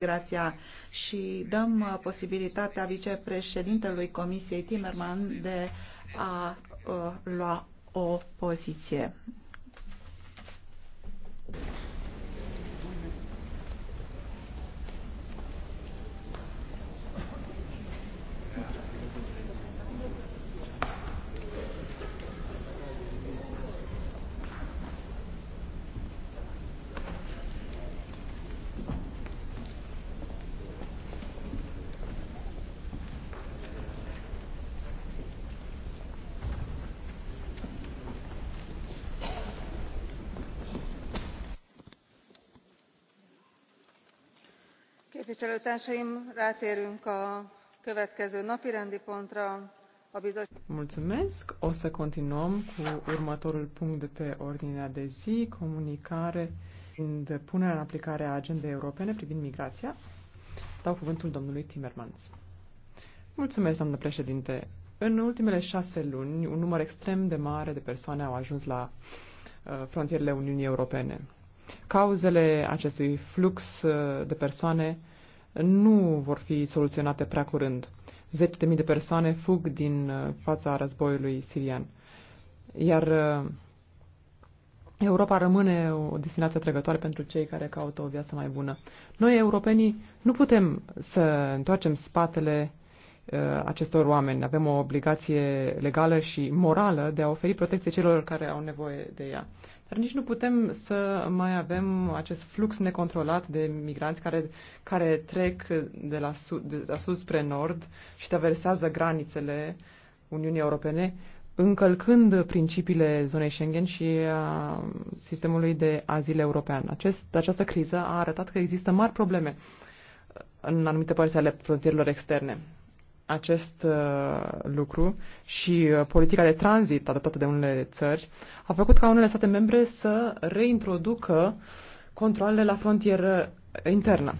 migrația și dăm uh, posibilitatea vicepreședintelui Comisiei Timerman de a uh, lua o poziție. képviselőtársaim rátérünk a következő napirendi pontra a bizottság. Mulțumesc. O să continuăm cu următorul punct de pe ordinea de zi, comunicare în punerea în aplicare a agendei europene privind migrația. Dau cuvântul domnului Timmermans. Mulțumesc, doamnă președinte. În ultimele șase luni, un număr extrem de mare de persoane au ajuns la uh, frontierele Uniunii Europene. Cauzele acestui flux uh, de persoane nu vor fi soluționate prea curând. Zeci de mii de persoane fug din uh, fața războiului sirian. Iar uh, Europa rămâne o destinație atrăgătoare pentru cei care caută o viață mai bună. Noi, europenii, nu putem să întoarcem spatele uh, acestor oameni. Avem o obligație legală și morală de a oferi protecție celor care au nevoie de ea. Dar nici nu putem să mai avem acest flux necontrolat de migranți care, care trec de la, sud, de la sus spre nord și traversează granițele Uniunii Europene, încălcând principiile zonei Schengen și a sistemului de azil european. Acest, această criză a arătat că există mari probleme în anumite părți ale frontierelor externe acest uh, lucru și uh, politica de tranzit adoptată de unele țări a făcut ca unele state membre să reintroducă controlele la frontieră internă,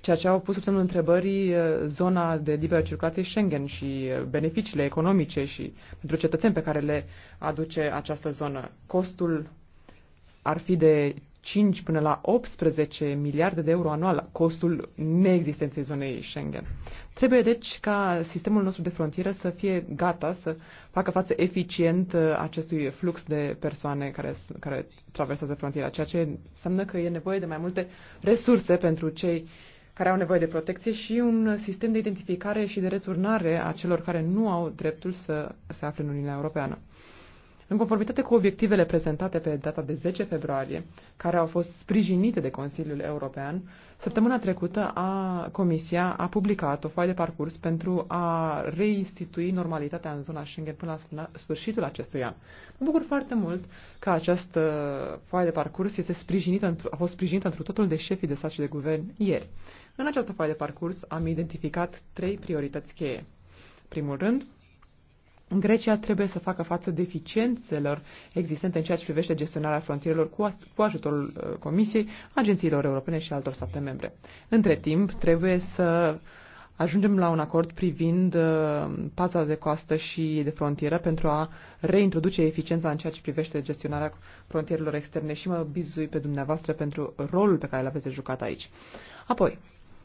ceea ce au pus sub semnul întrebării uh, zona de liberă circulație Schengen și beneficiile economice și pentru cetățeni pe care le aduce această zonă. Costul ar fi de 5 până la 18 miliarde de euro anual costul neexistenței zonei Schengen. Trebuie deci ca sistemul nostru de frontieră să fie gata să facă față eficient uh, acestui flux de persoane care, care traversează frontiera, ceea ce înseamnă că e nevoie de mai multe resurse pentru cei care au nevoie de protecție și un sistem de identificare și de returnare a celor care nu au dreptul să se afle în Uniunea Europeană. În conformitate cu obiectivele prezentate pe data de 10 februarie, care au fost sprijinite de Consiliul European, săptămâna trecută a Comisia a publicat o foaie de parcurs pentru a reinstitui normalitatea în zona Schengen până la sfârșitul acestui an. Mă bucur foarte mult că această foaie de parcurs este sprijinită, a fost sprijinită într totul de șefii de stat și de guvern ieri. În această foaie de parcurs am identificat trei priorități cheie. Primul rând, Grecia trebuie să facă față deficiențelor existente în ceea ce privește gestionarea frontierelor cu, cu ajutorul uh, Comisiei, agențiilor europene și altor state membre. Între timp, trebuie să ajungem la un acord privind uh, paza de coastă și de frontieră pentru a reintroduce eficiența în ceea ce privește gestionarea frontierelor externe și mă bizui pe dumneavoastră pentru rolul pe care l-aveți jucat aici. Apoi,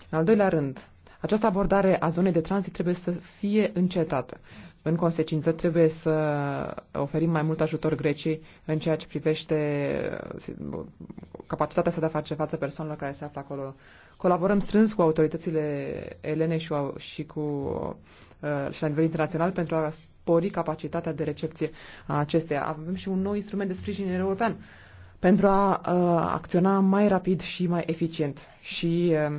în al doilea rând, această abordare a zonei de tranzit trebuie să fie încetată. În consecință, trebuie să oferim mai mult ajutor Greciei în ceea ce privește uh, capacitatea să de a face față persoanelor care se află acolo. Colaborăm strâns cu autoritățile elene și, și cu uh, și la nivel internațional pentru a spori capacitatea de recepție a acesteia. Avem și un nou instrument de sprijin european pentru a uh, acționa mai rapid și mai eficient. Și uh,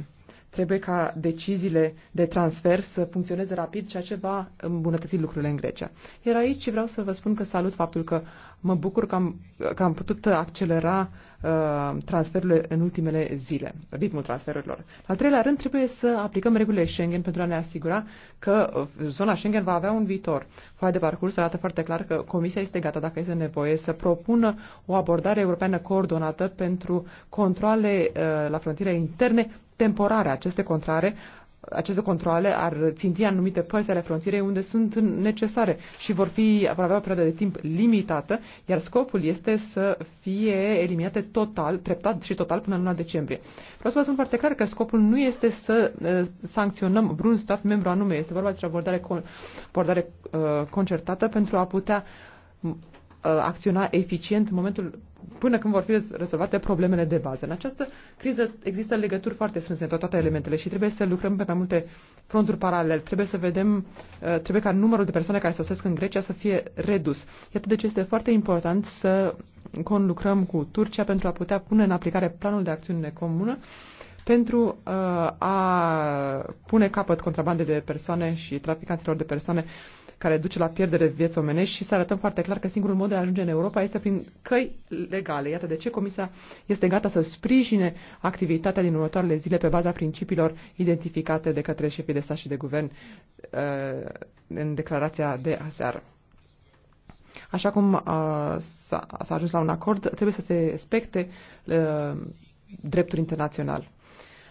Trebuie ca deciziile de transfer să funcționeze rapid, ceea ce va îmbunătăți lucrurile în Grecia. Iar aici vreau să vă spun că salut faptul că mă bucur că am, că am putut accelera uh, Uh, transferurile în ultimele zile, ritmul transferurilor. Al treilea rând, trebuie să aplicăm regulile Schengen pentru a ne asigura că uh, zona Schengen va avea un viitor. Foaia de parcurs arată foarte clar că Comisia este gata, dacă este nevoie, să propună o abordare europeană coordonată pentru controle uh, la frontiere interne temporare. Aceste contrare aceste controle ar ținti anumite părți ale frontierei unde sunt necesare și vor, fi, vor avea o perioadă de timp limitată, iar scopul este să fie eliminate total, treptat și total până în luna decembrie. Vreau să vă spun foarte clar că scopul nu este să uh, sancționăm vreun stat membru anume, este vorba despre abordare, con, abordare uh, concertată pentru a putea Uh, acționa eficient în momentul până când vor fi rezolvate problemele de bază. În această criză există legături foarte strânse între toate elementele și trebuie să lucrăm pe mai multe fronturi paralel. Trebuie să vedem, uh, trebuie ca numărul de persoane care sosesc în Grecia să fie redus. Iată de ce este foarte important să conlucrăm cu Turcia pentru a putea pune în aplicare planul de acțiune comună pentru uh, a pune capăt contrabandei de persoane și traficanților de persoane care duce la pierdere vieți omenești și să arătăm foarte clar că singurul mod de a ajunge în Europa este prin căi legale. Iată de ce Comisia este gata să sprijine activitatea din următoarele zile pe baza principiilor identificate de către șefii de stat și de guvern uh, în declarația de aseară. Așa cum uh, s-a ajuns la un acord, trebuie să se respecte uh, dreptul internațional.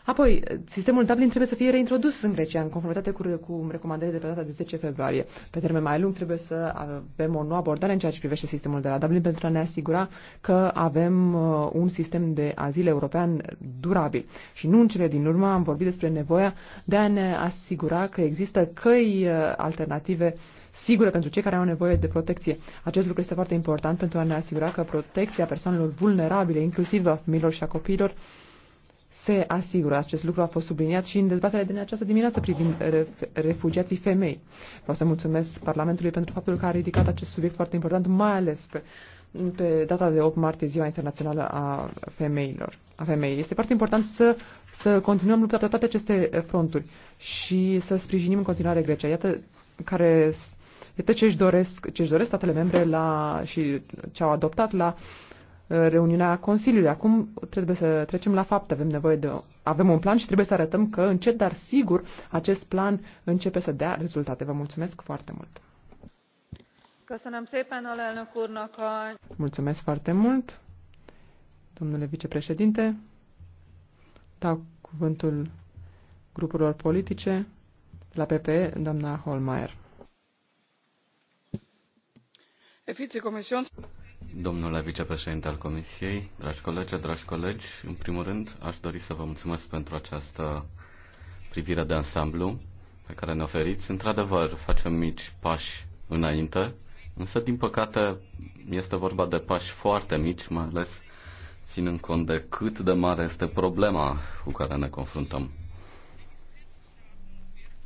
Apoi, sistemul Dublin trebuie să fie reintrodus în Grecia, în conformitate cu, cu recomandările de pe data de 10 februarie. Pe termen mai lung trebuie să avem o nouă abordare în ceea ce privește sistemul de la Dublin pentru a ne asigura că avem uh, un sistem de azil european durabil. Și nu în cele din urmă am vorbit despre nevoia de a ne asigura că există căi uh, alternative sigure pentru cei care au nevoie de protecție. Acest lucru este foarte important pentru a ne asigura că protecția persoanelor vulnerabile, inclusiv a familiilor și a copiilor, se asigură. Acest lucru a fost subliniat și în dezbaterea din această dimineață privind refugiații femei. Vreau să mulțumesc Parlamentului pentru faptul că a ridicat acest subiect foarte important, mai ales pe, pe data de 8 martie, Ziua Internațională a Femeilor. A femei. Este foarte important să, să continuăm lupta pe toate aceste fronturi și să sprijinim în continuare Grecia. Iată care este ce își doresc, ce își doresc statele membre la, și ce au adoptat la uh, Uh, reuniunea Consiliului. Acum trebuie să trecem la fapte. Avem nevoie de avem un plan și trebuie să arătăm că încet, dar sigur, acest plan începe să dea rezultate. Vă mulțumesc foarte mult. Mulțumesc foarte mult, domnule vicepreședinte. Dau cuvântul grupurilor politice la PPE, doamna Holmeier. Efiții Comisiunii. Domnule vicepreședinte al Comisiei, dragi colegi, dragi colegi, în primul rând aș dori să vă mulțumesc pentru această privire de ansamblu pe care ne oferiți. Într-adevăr, facem mici pași înainte, însă, din păcate, este vorba de pași foarte mici, mai ales ținând cont de cât de mare este problema cu care ne confruntăm.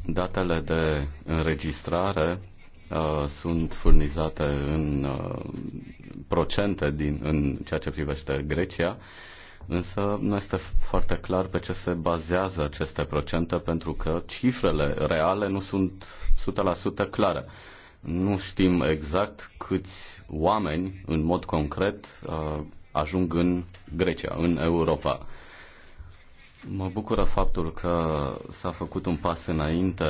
Datele de înregistrare Uh, sunt furnizate în uh, procente din, în ceea ce privește Grecia, însă nu este foarte clar pe ce se bazează aceste procente pentru că cifrele reale nu sunt 100% clare. Nu știm exact câți oameni în mod concret uh, ajung în Grecia, în Europa. Mă bucură faptul că s-a făcut un pas înainte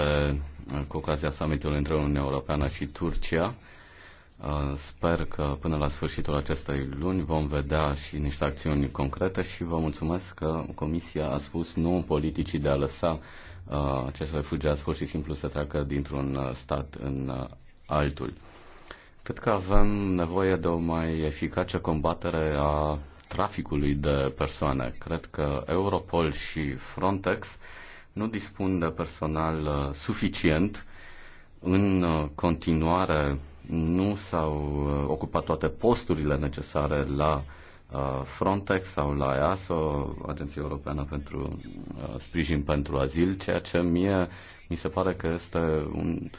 cu ocazia summitului între Uniunea Europeană și Turcia. Uh, sper că până la sfârșitul acestei luni vom vedea și niște acțiuni concrete și vă mulțumesc că Comisia a spus nu politicii de a lăsa uh, acești refugiați pur și simplu să treacă dintr-un uh, stat în altul. Cred că avem nevoie de o mai eficace combatere a traficului de persoane. Cred că Europol și Frontex nu dispun de personal uh, suficient. În uh, continuare, nu s-au uh, ocupat toate posturile necesare la Frontex sau la EASO, Agenția Europeană pentru Sprijin pentru Azil, ceea ce mie mi se pare că este un,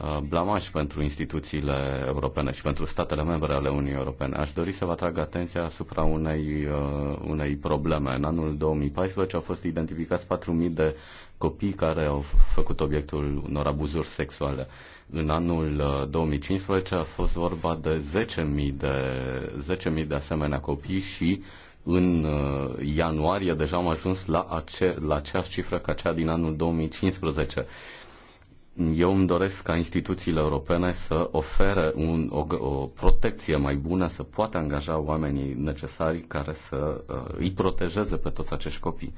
Uh, blamaj pentru instituțiile europene și pentru statele membre ale Uniunii Europene. Aș dori să vă atrag atenția asupra unei, uh, unei probleme. În anul 2014 au fost identificați 4.000 de copii care au făcut obiectul unor abuzuri sexuale. În anul 2015 uh, a fost vorba de 10.000 de, 10.000 de asemenea copii și în uh, ianuarie deja am ajuns la, ace- la aceeași cifră ca cea din anul 2015 eu îmi doresc ca instituțiile europene să ofere un, o, o protecție mai bună, să poată angaja oamenii necesari care să uh, îi protejeze pe toți acești copii.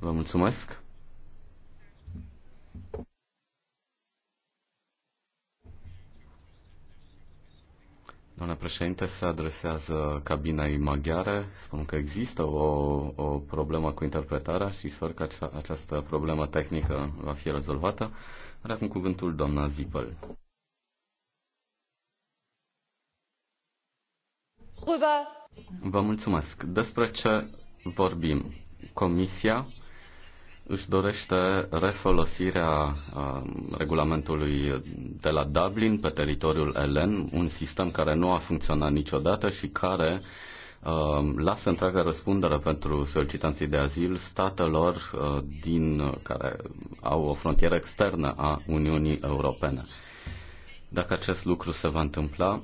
Vă mulțumesc! Doamna președinte, se adresează cabinei maghiare. Spun că există o, o problemă cu interpretarea și sper că acea, această problemă tehnică va fi rezolvată. Are acum cuvântul doamna Zipăl. Vă mulțumesc. Despre ce vorbim? Comisia își dorește refolosirea regulamentului de la Dublin pe teritoriul elen, un sistem care nu a funcționat niciodată și care Ehm, lasă întreaga răspundere pentru solicitanții de azil statelor eh, din, care au o frontieră externă a Uniunii Europene. Dacă acest lucru se va întâmpla,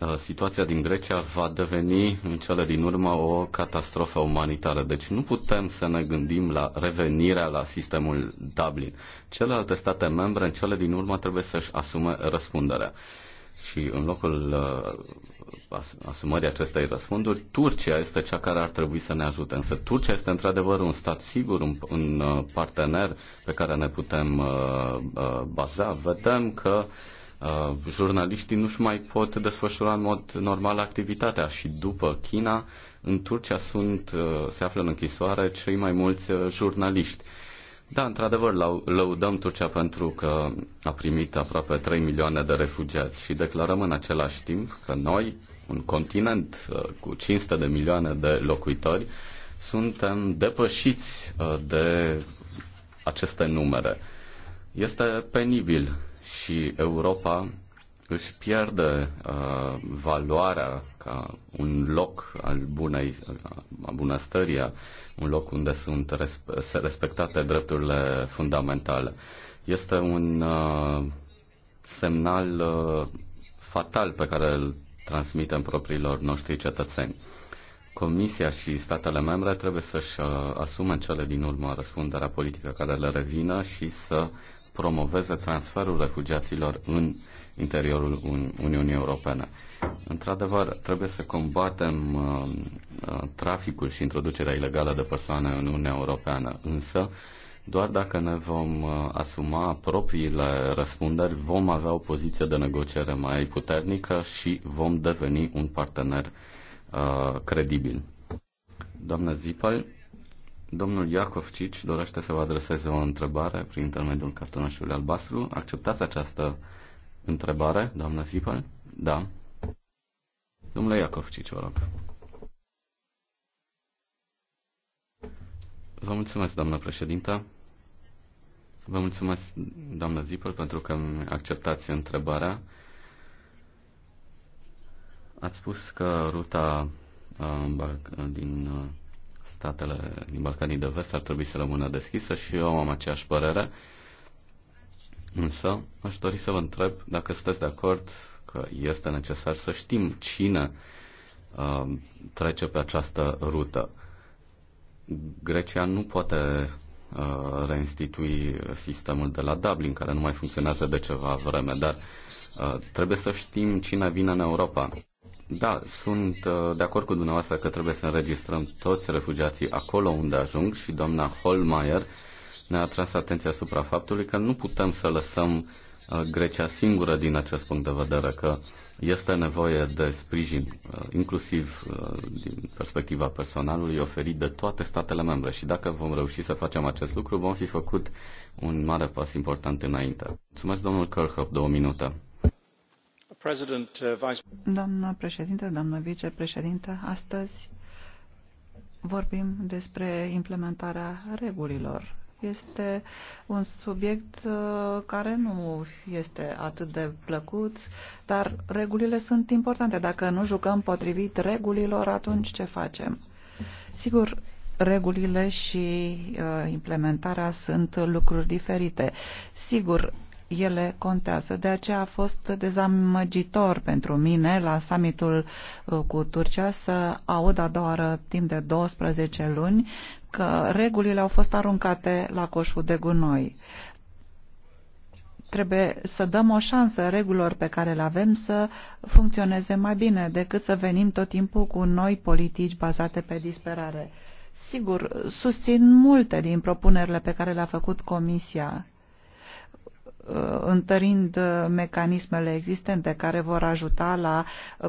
eh, situația din Grecia va deveni în cele din urmă o catastrofă umanitară. Deci nu putem să ne gândim la revenirea la sistemul Dublin. Celelalte state membre în cele din urmă trebuie să-și asume răspunderea. Și în locul uh, asumării acestei răspunduri, Turcia este cea care ar trebui să ne ajute. Însă Turcia este într-adevăr un stat sigur, un, un uh, partener pe care ne putem uh, baza. Vedem că jurnaliștii nu-și mai pot desfășura în mod normal activitatea și după China, în Turcia sunt, se află în închisoare cei mai mulți jurnaliști. Da, într-adevăr, lăudăm Turcia pentru că a primit aproape 3 milioane de refugiați și declarăm în același timp că noi, un continent uh, cu 500 de milioane de locuitori, suntem depășiți uh, de aceste numere. Este penibil și Europa își pierde uh, valoarea ca un loc al bunei, a bunăstării, un loc unde sunt resp- respectate drepturile fundamentale. Este un uh, semnal uh, fatal pe care îl transmitem propriilor noștri cetățeni. Comisia și statele membre trebuie să-și uh, asume cele din urmă răspunderea politică care le revină și să promoveze transferul refugiaților în uh, interiorul Uniunii Europene. Într-adevăr, trebuie să combatem uh, uh, traficul și introducerea ilegală de persoane în Uniunea Europeană, însă doar dacă ne vom uh, asuma propriile răspunderi, vom avea o poziție de negociere mai puternică și vom deveni un partener uh, credibil. Doamna Zipal, domnul Cici dorește să vă adreseze o întrebare prin intermediul cartonașului albastru. Acceptați această întrebare, doamna Sipal? Da. Domnule Iacov, ci vă rog. Vă mulțumesc, doamnă președintă. Vă mulțumesc, doamnă Zipăl, pentru că acceptați întrebarea. Ați spus că ruta uh, din uh, statele din Balcanii de Vest ar trebui să rămână deschisă și eu am aceeași părere. Însă, aș dori să vă întreb dacă sunteți de acord că este necesar să știm cine uh, trece pe această rută. Grecia nu poate uh, reinstitui sistemul de la Dublin, care nu mai funcționează de ceva vreme, dar uh, trebuie să știm cine vine în Europa. Da, sunt uh, de acord cu dumneavoastră că trebuie să înregistrăm toți refugiații acolo unde ajung și doamna Holmeier ne-a atras atenția asupra faptului că nu putem să lăsăm uh, Grecia singură din acest punct de vedere, că este nevoie de sprijin, uh, inclusiv uh, din perspectiva personalului, oferit de toate statele membre. Și dacă vom reuși să facem acest lucru, vom fi făcut un mare pas important înainte. Mulțumesc, domnul Kirchhoff, două minute. Doamnă președinte, doamnă vicepreședinte, astăzi vorbim despre implementarea regulilor este un subiect uh, care nu este atât de plăcut, dar regulile sunt importante. Dacă nu jucăm potrivit regulilor, atunci ce facem? Sigur, regulile și uh, implementarea sunt lucruri diferite. Sigur, ele contează. De aceea a fost dezamăgitor pentru mine la summitul uh, cu Turcia să aud a doua oară timp de 12 luni că regulile au fost aruncate la coșul de gunoi. Trebuie să dăm o șansă regulilor pe care le avem să funcționeze mai bine decât să venim tot timpul cu noi politici bazate pe disperare. Sigur, susțin multe din propunerile pe care le-a făcut Comisia întărind mecanismele existente care vor ajuta la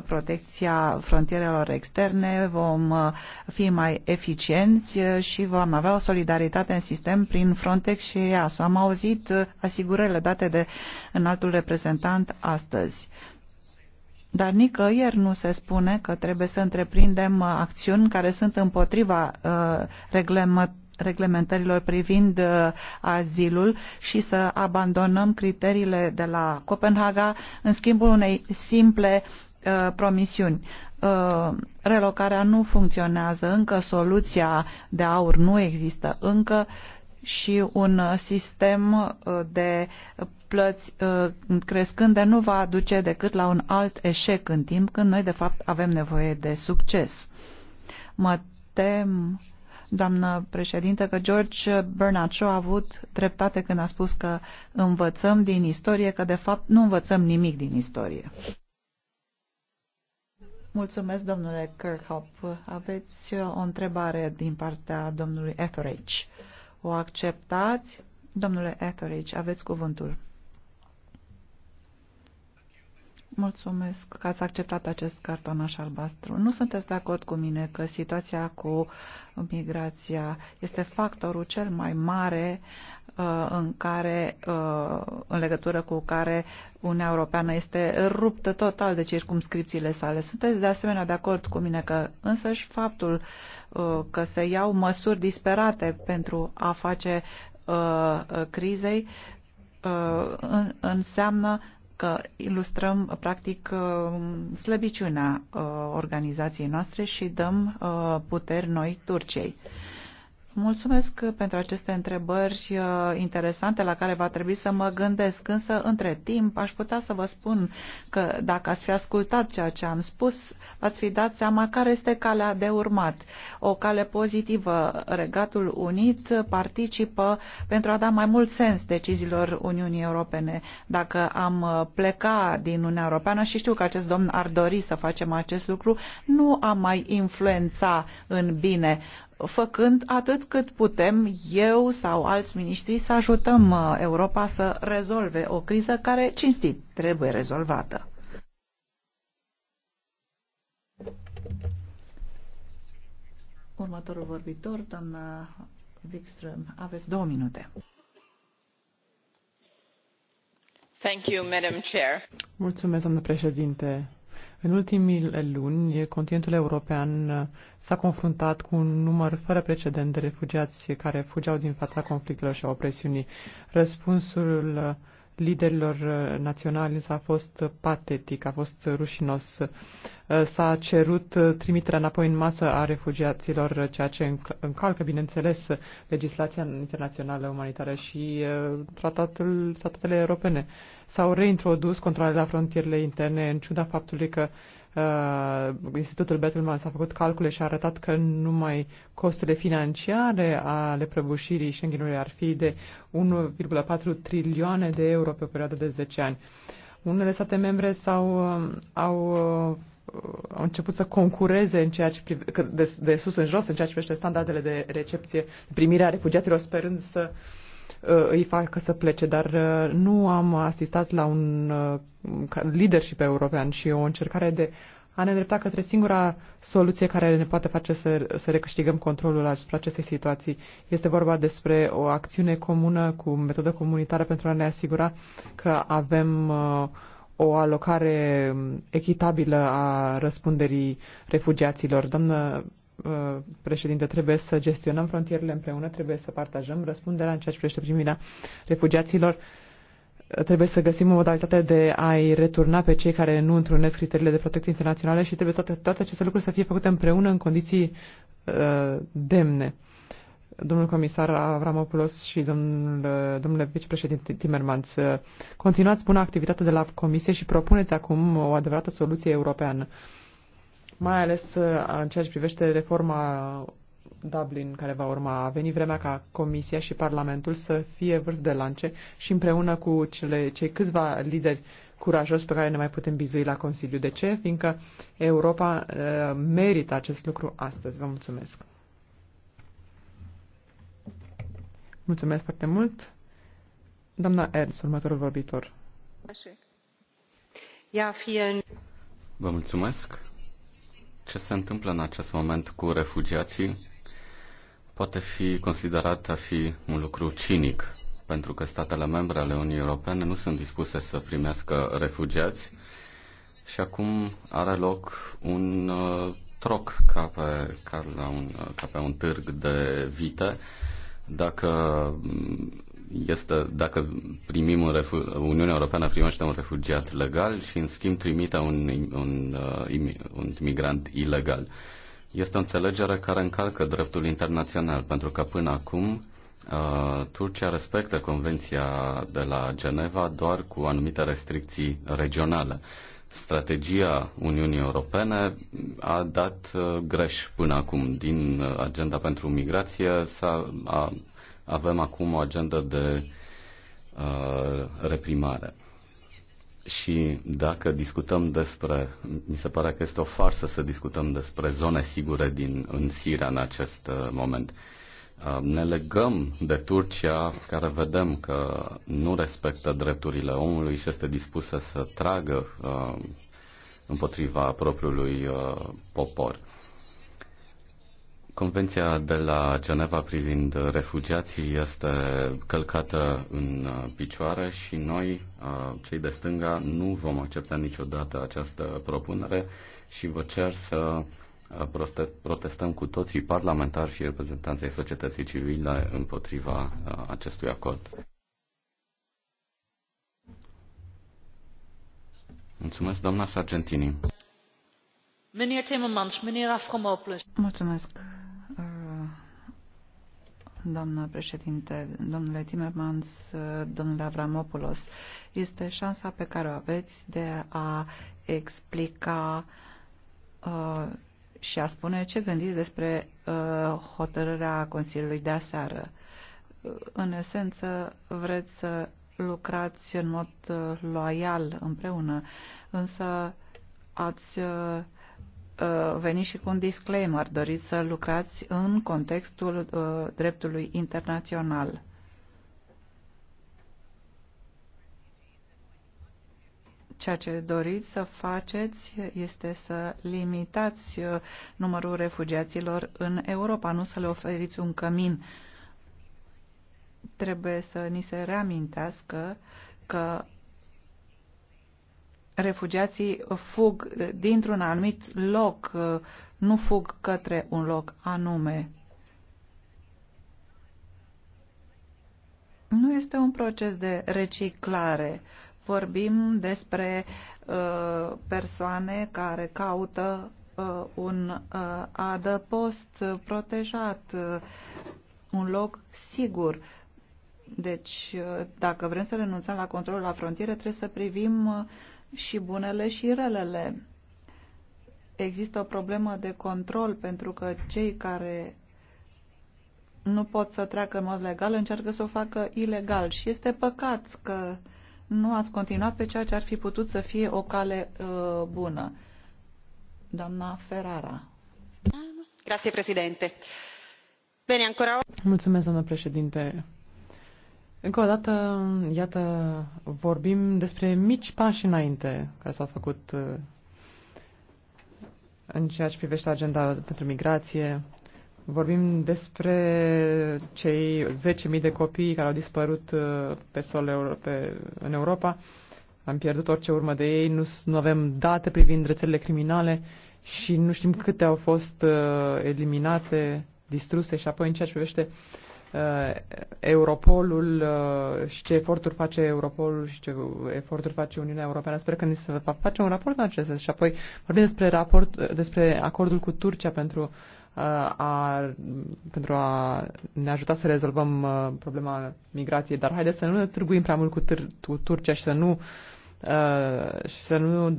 protecția frontierelor externe, vom fi mai eficienți și vom avea o solidaritate în sistem prin Frontex și EASO. Am auzit asigurările date de înaltul reprezentant astăzi. Dar nicăieri nu se spune că trebuie să întreprindem acțiuni care sunt împotriva uh, reglementării reglementărilor privind uh, azilul și să abandonăm criteriile de la Copenhaga în schimbul unei simple uh, promisiuni. Uh, relocarea nu funcționează încă, soluția de aur nu există încă și un sistem de plăți crescânde nu va aduce decât la un alt eșec în timp când noi de fapt avem nevoie de succes. Mă tem doamnă președintă, că George Bernard Shaw a avut dreptate când a spus că învățăm din istorie, că de fapt nu învățăm nimic din istorie. Mulțumesc, domnule Kirchhoff. Aveți o întrebare din partea domnului Etheridge. O acceptați? Domnule Etheridge, aveți cuvântul. Mulțumesc că ați acceptat acest cartonaș albastru. Nu sunteți de acord cu mine că situația cu migrația este factorul cel mai mare uh, în care, uh, în legătură cu care Uniunea Europeană este ruptă total de circumscripțiile sale. Sunteți de asemenea de acord cu mine că însăși faptul uh, că se iau măsuri disperate pentru a face uh, crizei uh, înseamnă că ilustrăm, uh, practic, uh, slăbiciunea uh, organizației noastre și dăm puteri noi Turciei. Mulțumesc pentru aceste întrebări uh, interesante la care va trebui să mă gândesc, însă între timp aș putea să vă spun că dacă ați fi ascultat ceea ce am spus, ați fi dat seama care este calea de urmat. O cale pozitivă. Regatul Unit participă pentru a da mai mult sens deciziilor Uniunii Europene. Dacă am uh, pleca din Uniunea Europeană și știu că acest domn ar dori să facem acest lucru, nu am mai influența în bine făcând atât cât putem eu sau alți miniștri să ajutăm uh, Europa să rezolve o criză care, cinstit, trebuie rezolvată. Următorul vorbitor, doamna Wikström, aveți două minute. Thank you, Madam Chair. Mulțumesc, doamnă președinte. În ultimile luni, continentul european uh, s-a confruntat cu un număr fără precedent de refugiați care fugeau din fața conflictelor și a opresiunii. Răspunsul uh, liderilor uh, naționali s-a fost uh, patetic, a fost rușinos. Uh, s-a cerut trimiterea înapoi în masă a refugiaților, ceea ce încalcă, bineînțeles, legislația internațională umanitară și tratatul, tratatele europene. S-au reintrodus controlele la frontierele interne, în ciuda faptului că uh, Institutul Bettelman s-a făcut calcule și a arătat că numai costurile financiare ale prăbușirii Schengenului ar fi de 1,4 trilioane de euro pe o perioadă de 10 ani. Unele state membre s-au, uh, au, uh, au început să concureze în ceea ce prive, de, de sus în jos în ceea ce privește standardele de recepție, de primire a refugiaților, sperând să uh, Uh, îi facă să plece, dar uh, nu am asistat la un uh, leadership european și o încercare de a ne îndrepta către singura soluție care ne poate face să, să recâștigăm controlul asupra acestei situații. Este vorba despre o acțiune comună cu metodă comunitară pentru a ne asigura că avem uh, o alocare echitabilă a răspunderii refugiaților. Doamnă Uh, președinte, trebuie să gestionăm frontierele împreună, trebuie să partajăm răspunderea în ceea ce privește primirea refugiaților. Uh, trebuie să găsim o modalitate de a-i returna pe cei care nu întrunesc criteriile de protecție internaționale și trebuie toate, toate aceste lucruri să fie făcute împreună în condiții uh, demne. Domnul comisar Avramopoulos și domnul, uh, domnule vicepreședinte Timmermans, continuați bună activitate de la Comisie și propuneți acum o adevărată soluție europeană. Uh, mai ales uh, în ceea ce privește reforma Dublin care va urma. A venit vremea ca Comisia și Parlamentul să fie vârf de lance și împreună cu cele, cei câțiva lideri curajos pe care ne mai putem bizui la Consiliu. De ce? Fiindcă Europa uh, merită acest lucru astăzi. Vă mulțumesc. Mulțumesc foarte mult. Doamna Ernst, următorul vorbitor. Vă mulțumesc. Ce se întâmplă în acest moment cu refugiații poate fi considerat a fi un lucru cinic, pentru că statele membre ale Uniunii Europene nu sunt dispuse să primească refugiați și acum are loc un uh, troc ca pe, ca, la un, uh, ca pe un târg de vite. Dacă mm, este dacă primim un Uniunea Europeană primește un refugiat legal și în schimb trimite un, un, uh, un imigrant ilegal. Este o înțelegere care încalcă dreptul internațional, pentru că până acum uh, Turcia respectă Convenția de la Geneva doar cu anumite restricții regionale. Strategia Uniunii Europene a dat uh, greș până acum. Din agenda pentru migrație s-a a avem acum o agendă de uh, reprimare. Și dacă discutăm despre, mi se pare că este o farsă să discutăm despre zone sigure din, în Siria în acest uh, moment. Uh, ne legăm de Turcia, care vedem că nu respectă drepturile omului și este dispusă să tragă uh, împotriva propriului popor. Convenția de la Geneva privind refugiații este călcată în uh, picioare și noi, uh, cei de stânga, nu vom accepta niciodată această propunere și vă cer să uh, protestăm cu toții parlamentari și reprezentanții societății civile împotriva acestui acord. Mulțumesc, doamna Sargentini. Mulțumesc, doamnă președinte, domnule Timmermans, domnule Avramopoulos. Este șansa pe care o aveți de a explica uh, și a spune ce gândiți despre uh, hotărârea Consiliului de aseară. Uh, în esență, vreți să lucrați în mod uh, loial împreună, însă ați uh, Uh, veni și cu un disclaimer. Doriți să lucrați în contextul uh, dreptului internațional. Ceea ce doriți să faceți este să limitați uh, numărul refugiaților în Europa, nu să le oferiți un cămin. Trebuie să ni se reamintească că refugiații fug dintr-un anumit loc, nu fug către un loc anume. Nu este un proces de reciclare. Vorbim despre uh, persoane care caută uh, un uh, adăpost protejat, uh, un loc sigur. Deci, uh, dacă vrem să renunțăm la controlul la frontiere, trebuie să privim uh, și bunele și relele. Există o problemă de control pentru că cei care nu pot să treacă în mod legal încearcă să o facă ilegal și este păcat că nu ați continuat pe ceea ce ar fi putut să fie o cale uh, bună. Doamna Ferrara. Grazie, președinte. Bine, ancora... Mulțumesc, doamnă președinte. Încă o dată, iată, vorbim despre mici pași înainte care s-au făcut uh, în ceea ce privește agenda pentru migrație. Vorbim despre cei 10.000 de copii care au dispărut uh, pe sol pe, în Europa. Am pierdut orice urmă de ei, nu, nu avem date privind rețelele criminale și nu știm câte au fost uh, eliminate, distruse și apoi în ceea ce privește uh, Uh, Europolul uh, și ce eforturi face Europolul și ce eforturi face Uniunea Europeană. Sper că ni se va face un raport în acest sens și apoi vorbim despre, raport, uh, despre acordul cu Turcia pentru a, pentru a ne ajuta să rezolvăm problema migrației. Dar haideți să nu ne târguim prea mult cu, Tur- cu Turcia și să nu, uh, și să nu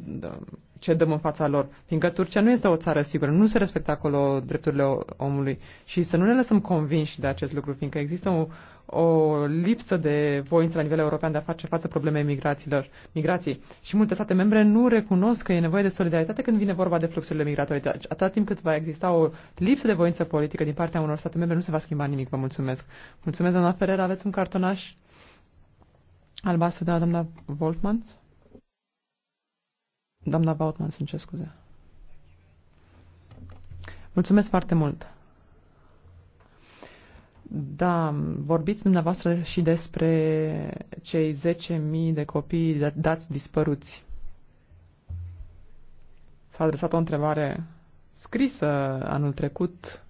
cedăm în fața lor, fiindcă Turcia nu este o țară sigură, nu se respectă acolo drepturile omului și să nu ne lăsăm convinși de acest lucru, fiindcă există o, o lipsă de voință la nivel european de a face față problemei migrațiilor, migrației. Și multe state membre nu recunosc că e nevoie de solidaritate când vine vorba de fluxurile migratorii. Deci, atâta timp cât va exista o lipsă de voință politică din partea unor state membre, nu se va schimba nimic. Vă mulțumesc. Mulțumesc, doamna Ferrer. Aveți un cartonaș albastru de la doamna Wolfmans? Doamna Bautman, sunt ce scuze. Mulțumesc foarte mult. Da, vorbiți dumneavoastră și despre cei 10.000 de copii da, dați dispăruți. S-a adresat o întrebare scrisă anul trecut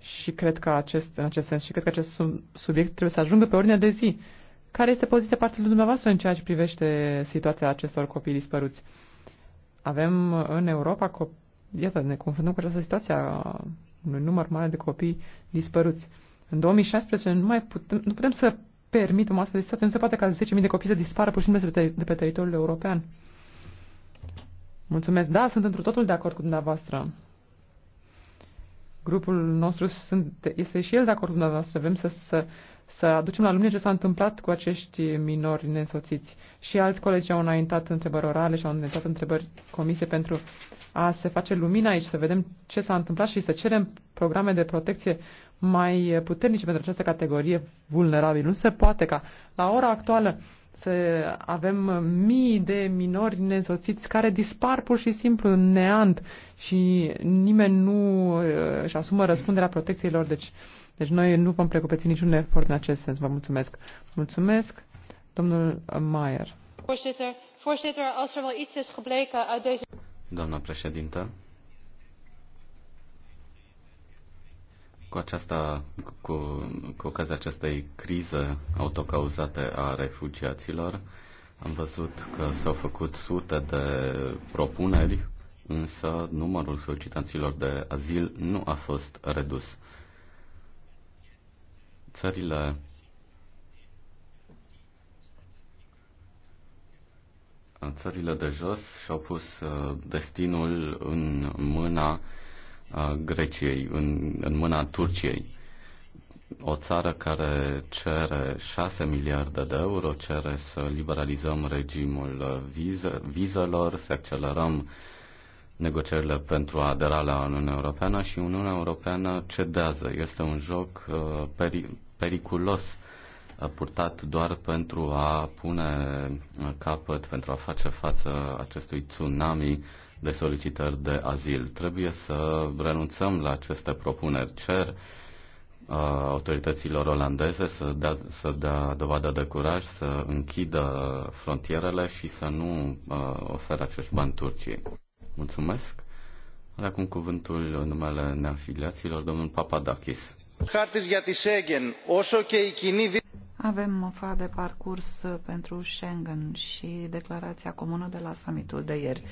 și cred că acest, în acest sens și cred că acest subiect trebuie să ajungă pe ordinea de zi. Care este poziția partidului dumneavoastră în ceea ce privește situația acestor copii dispăruți? Avem în Europa, co- iată, ne confundăm cu această situație a unui număr mare de copii dispăruți. În 2016 nu mai putem, nu putem să permitem astfel de situație. Nu se poate ca 10.000 de copii să dispară pur și simplu de pe teritoriul european. Mulțumesc. Da, sunt într totul de acord cu dumneavoastră. Grupul nostru sunt, este și el de acord cu dumneavoastră. Vrem să, să să aducem la lumină ce s-a întâmplat cu acești minori nensoțiți. Și alți colegi au înaintat întrebări orale și au înaintat întrebări comise pentru a se face lumină aici, să vedem ce s-a întâmplat și să cerem programe de protecție mai puternice pentru această categorie vulnerabilă. Nu se poate ca la ora actuală să avem mii de minori nesoțiți care dispar pur și simplu în neant și nimeni nu uh, își asumă răspunderea protecției lor. Deci, deci noi nu vom precupeți niciun efort în acest sens. Vă mulțumesc. Mulțumesc, domnul Mayer. Er Doamna președintă, Cu, aceasta, cu, cu ocazia acestei crize autocauzate a refugiaților, am văzut că s-au făcut sute de propuneri, însă numărul solicitanților de azil nu a fost redus. Țările țările de jos și-au pus uh, destinul în mâna Greciei, în, în mâna Turciei. O țară care cere 6 miliarde de euro, cere să liberalizăm regimul uh, vize, vizelor, să accelerăm negocierile pentru a adera la Uniunea Europeană și Uniunea Europeană cedează. Este un joc uh, peri, periculos uh, purtat doar pentru a pune capăt, pentru a face față acestui tsunami de solicitări de azil. Trebuie să renunțăm la aceste propuneri. Cer uh, autorităților olandeze să dea, să dea dovadă de curaj, să închidă frontierele și să nu uh, oferă acești bani Turciei. Mulțumesc. Are acum cuvântul în numele neafiliaților, domnul Papadakis. Avem o fa de parcurs pentru Schengen și declarația comună de la summitul de ieri.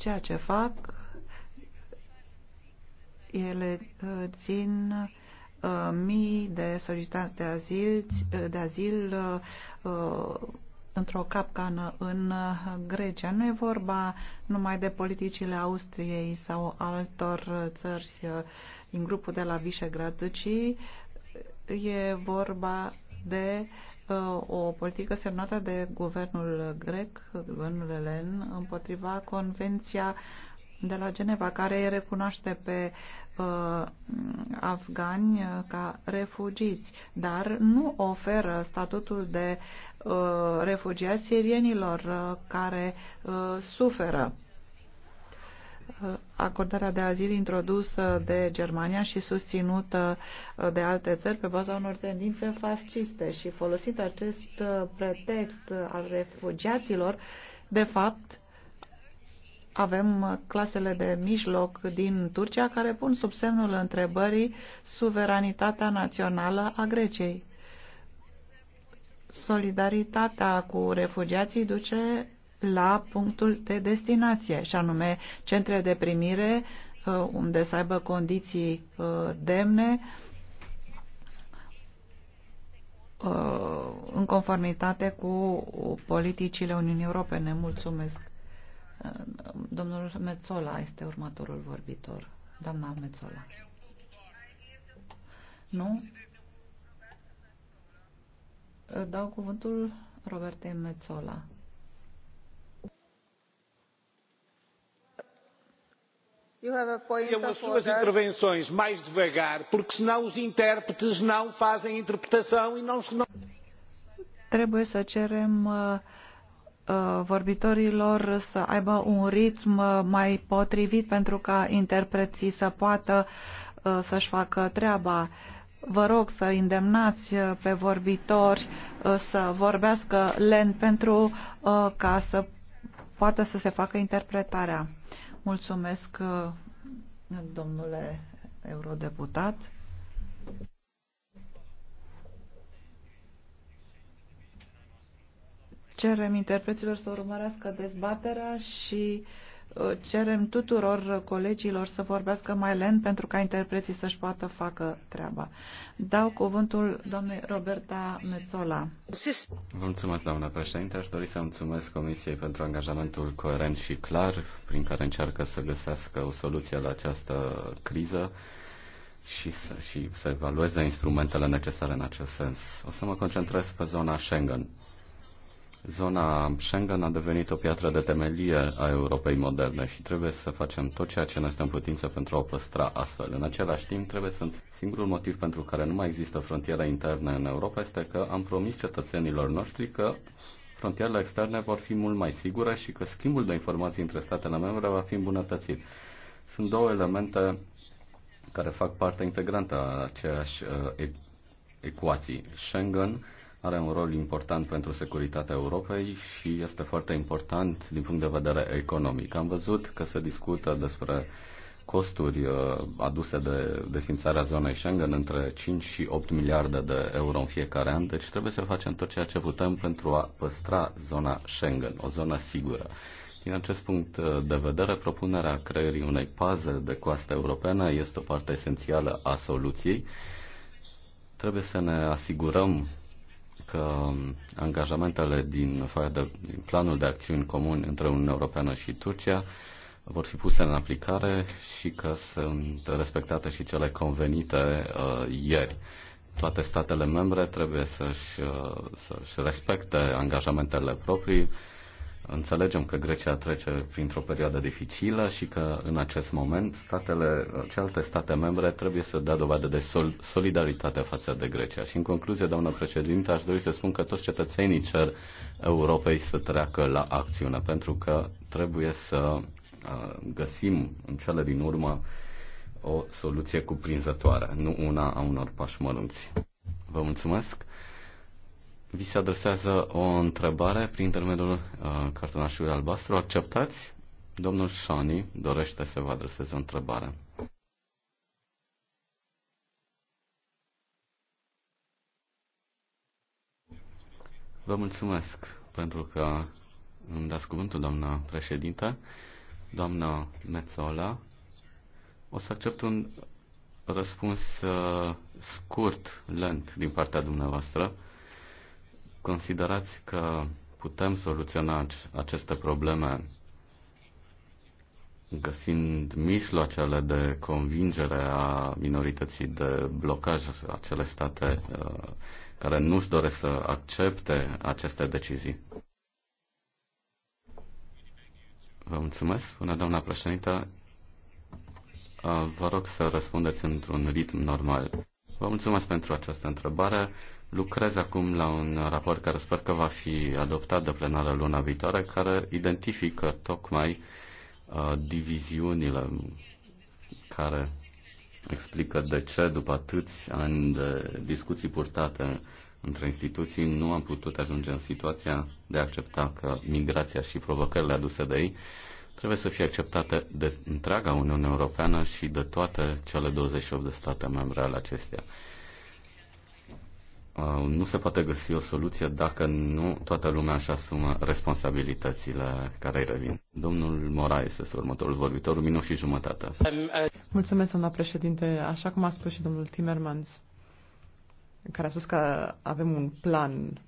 Ceea ce fac, ele uh, țin uh, mii de solicitanți de azil, uh, de azil într-o capcană în Grecia. Nu e vorba numai de politicile Austriei sau altor țări din grupul de la Visegrad, ci e vorba de o politică semnată de guvernul grec, guvernul elen, împotriva Convenția de la Geneva, care îi recunoaște pe uh, afgani ca refugiți, dar nu oferă statutul de uh, refugiați sirienilor uh, care uh, suferă. Uh, acordarea de azil introdusă de Germania și susținută uh, de alte țări pe baza unor tendințe fasciste și folosit acest uh, pretext al refugiaților, de fapt, avem uh, clasele de mijloc din Turcia care pun sub semnul întrebării suveranitatea națională a Greciei. Solidaritatea cu refugiații duce la punctul de destinație, și anume centre de primire uh, unde să aibă condiții uh, demne uh, în conformitate cu politicile Uniunii Europene. Mulțumesc. Domnul Mețola este următorul vorbitor. Doamna Mețola. Nu? Dau cuvântul Robertei Mețola. as suas intervenções mais devagar porque senão os intérpretes não fazem interpretação e não Trebuie să cerem uh, uh, vorbitorilor să aibă un ritm uh, mai potrivit pentru ca interpreții să poată uh, să-și facă treaba. Vă rog să îndemnați uh, pe vorbitori uh, să vorbească lent pentru ca să poată să se facă interpretarea. Mulțumesc, uh, domnule eurodeputat. Cerem interpreților să urmărească dezbaterea și Uh, cerem tuturor colegilor să vorbească mai lent pentru ca interpreții să-și poată facă treaba. Dau cuvântul doamnei Roberta Mețola. mulțumesc, doamna președinte. Aș dori să mulțumesc Comisiei pentru angajamentul coerent și clar prin care încearcă să găsească o soluție la această criză și să, și să evalueze instrumentele necesare în acest sens. O să mă concentrez pe zona Schengen. Zona Schengen a devenit o piatră de temelie a Europei moderne și trebuie să facem tot ceea ce ne stă în putință pentru a o păstra astfel. În același timp, trebuie să singurul motiv pentru care nu mai există frontiere interne în Europa este că am promis cetățenilor noștri că frontierele externe vor fi mult mai sigure și că schimbul de informații între statele membre va fi îmbunătățit. Sunt două elemente care fac parte integrantă a aceeași uh, ecuații. Schengen are un rol important pentru securitatea Europei și este foarte important din punct de vedere economic. Am văzut că se discută despre costuri uh, aduse de desfințarea zonei Schengen între 5 și 8 miliarde de euro în fiecare an, deci trebuie să facem tot ceea ce putem pentru a păstra zona Schengen, o zonă sigură. Din acest punct uh, de vedere, propunerea creării unei paze de coastă europeană este o parte esențială a soluției. Trebuie să ne asigurăm că angajamentele din, de, din planul de acțiuni comun între Uniunea Europeană și Turcia vor fi puse în aplicare și că sunt respectate și cele convenite uh, ieri. Toate statele membre trebuie să-și, uh, să-și respecte angajamentele proprii Înțelegem că Grecia trece printr-o perioadă dificilă și că în acest moment statele, celelalte state membre trebuie să dea dovadă de sol, solidaritate față de Grecia. Și în concluzie, doamnă președinte, aș dori să spun că toți cetățenii cer Europei să treacă la acțiune, pentru că trebuie să uh, găsim în cele din urmă o soluție cuprinzătoare, nu una a unor pași mărunți. Vă mulțumesc! Vi se adresează o întrebare prin intermediul uh, cartonașului albastru. Acceptați? Domnul Shani dorește să vă adreseze o întrebare. Vă mulțumesc pentru că îmi dați cuvântul, doamna președinte. Doamna Mețola, o să accept un răspuns uh, scurt, lent din partea dumneavoastră. Uh, Considerați că putem soluționa aceste probleme găsind mijloacele de convingere a minorității de blocaj, acele state uh, care nu-și doresc să accepte aceste decizii. Vă mulțumesc, bună doamna președinte. Uh, vă rog să răspundeți într-un ritm normal. Vă mulțumesc pentru această întrebare. Lucrez acum la un raport care sper că va fi adoptat de plenară luna viitoare, care identifică tocmai uh, diviziunile care explică de ce, după atâți ani de discuții purtate între instituții, nu am putut ajunge în situația de a accepta că migrația și provocările aduse de ei trebuie să fie acceptate de întreaga Uniune Europeană și de toate cele 28 de state membre ale acesteia nu se poate găsi o soluție dacă nu toată lumea își asumă responsabilitățile care îi revin. Domnul Moraes este următorul vorbitor, un minut și jumătate. Mulțumesc, doamna președinte. Așa cum a spus și domnul Timmermans, care a spus că avem un plan,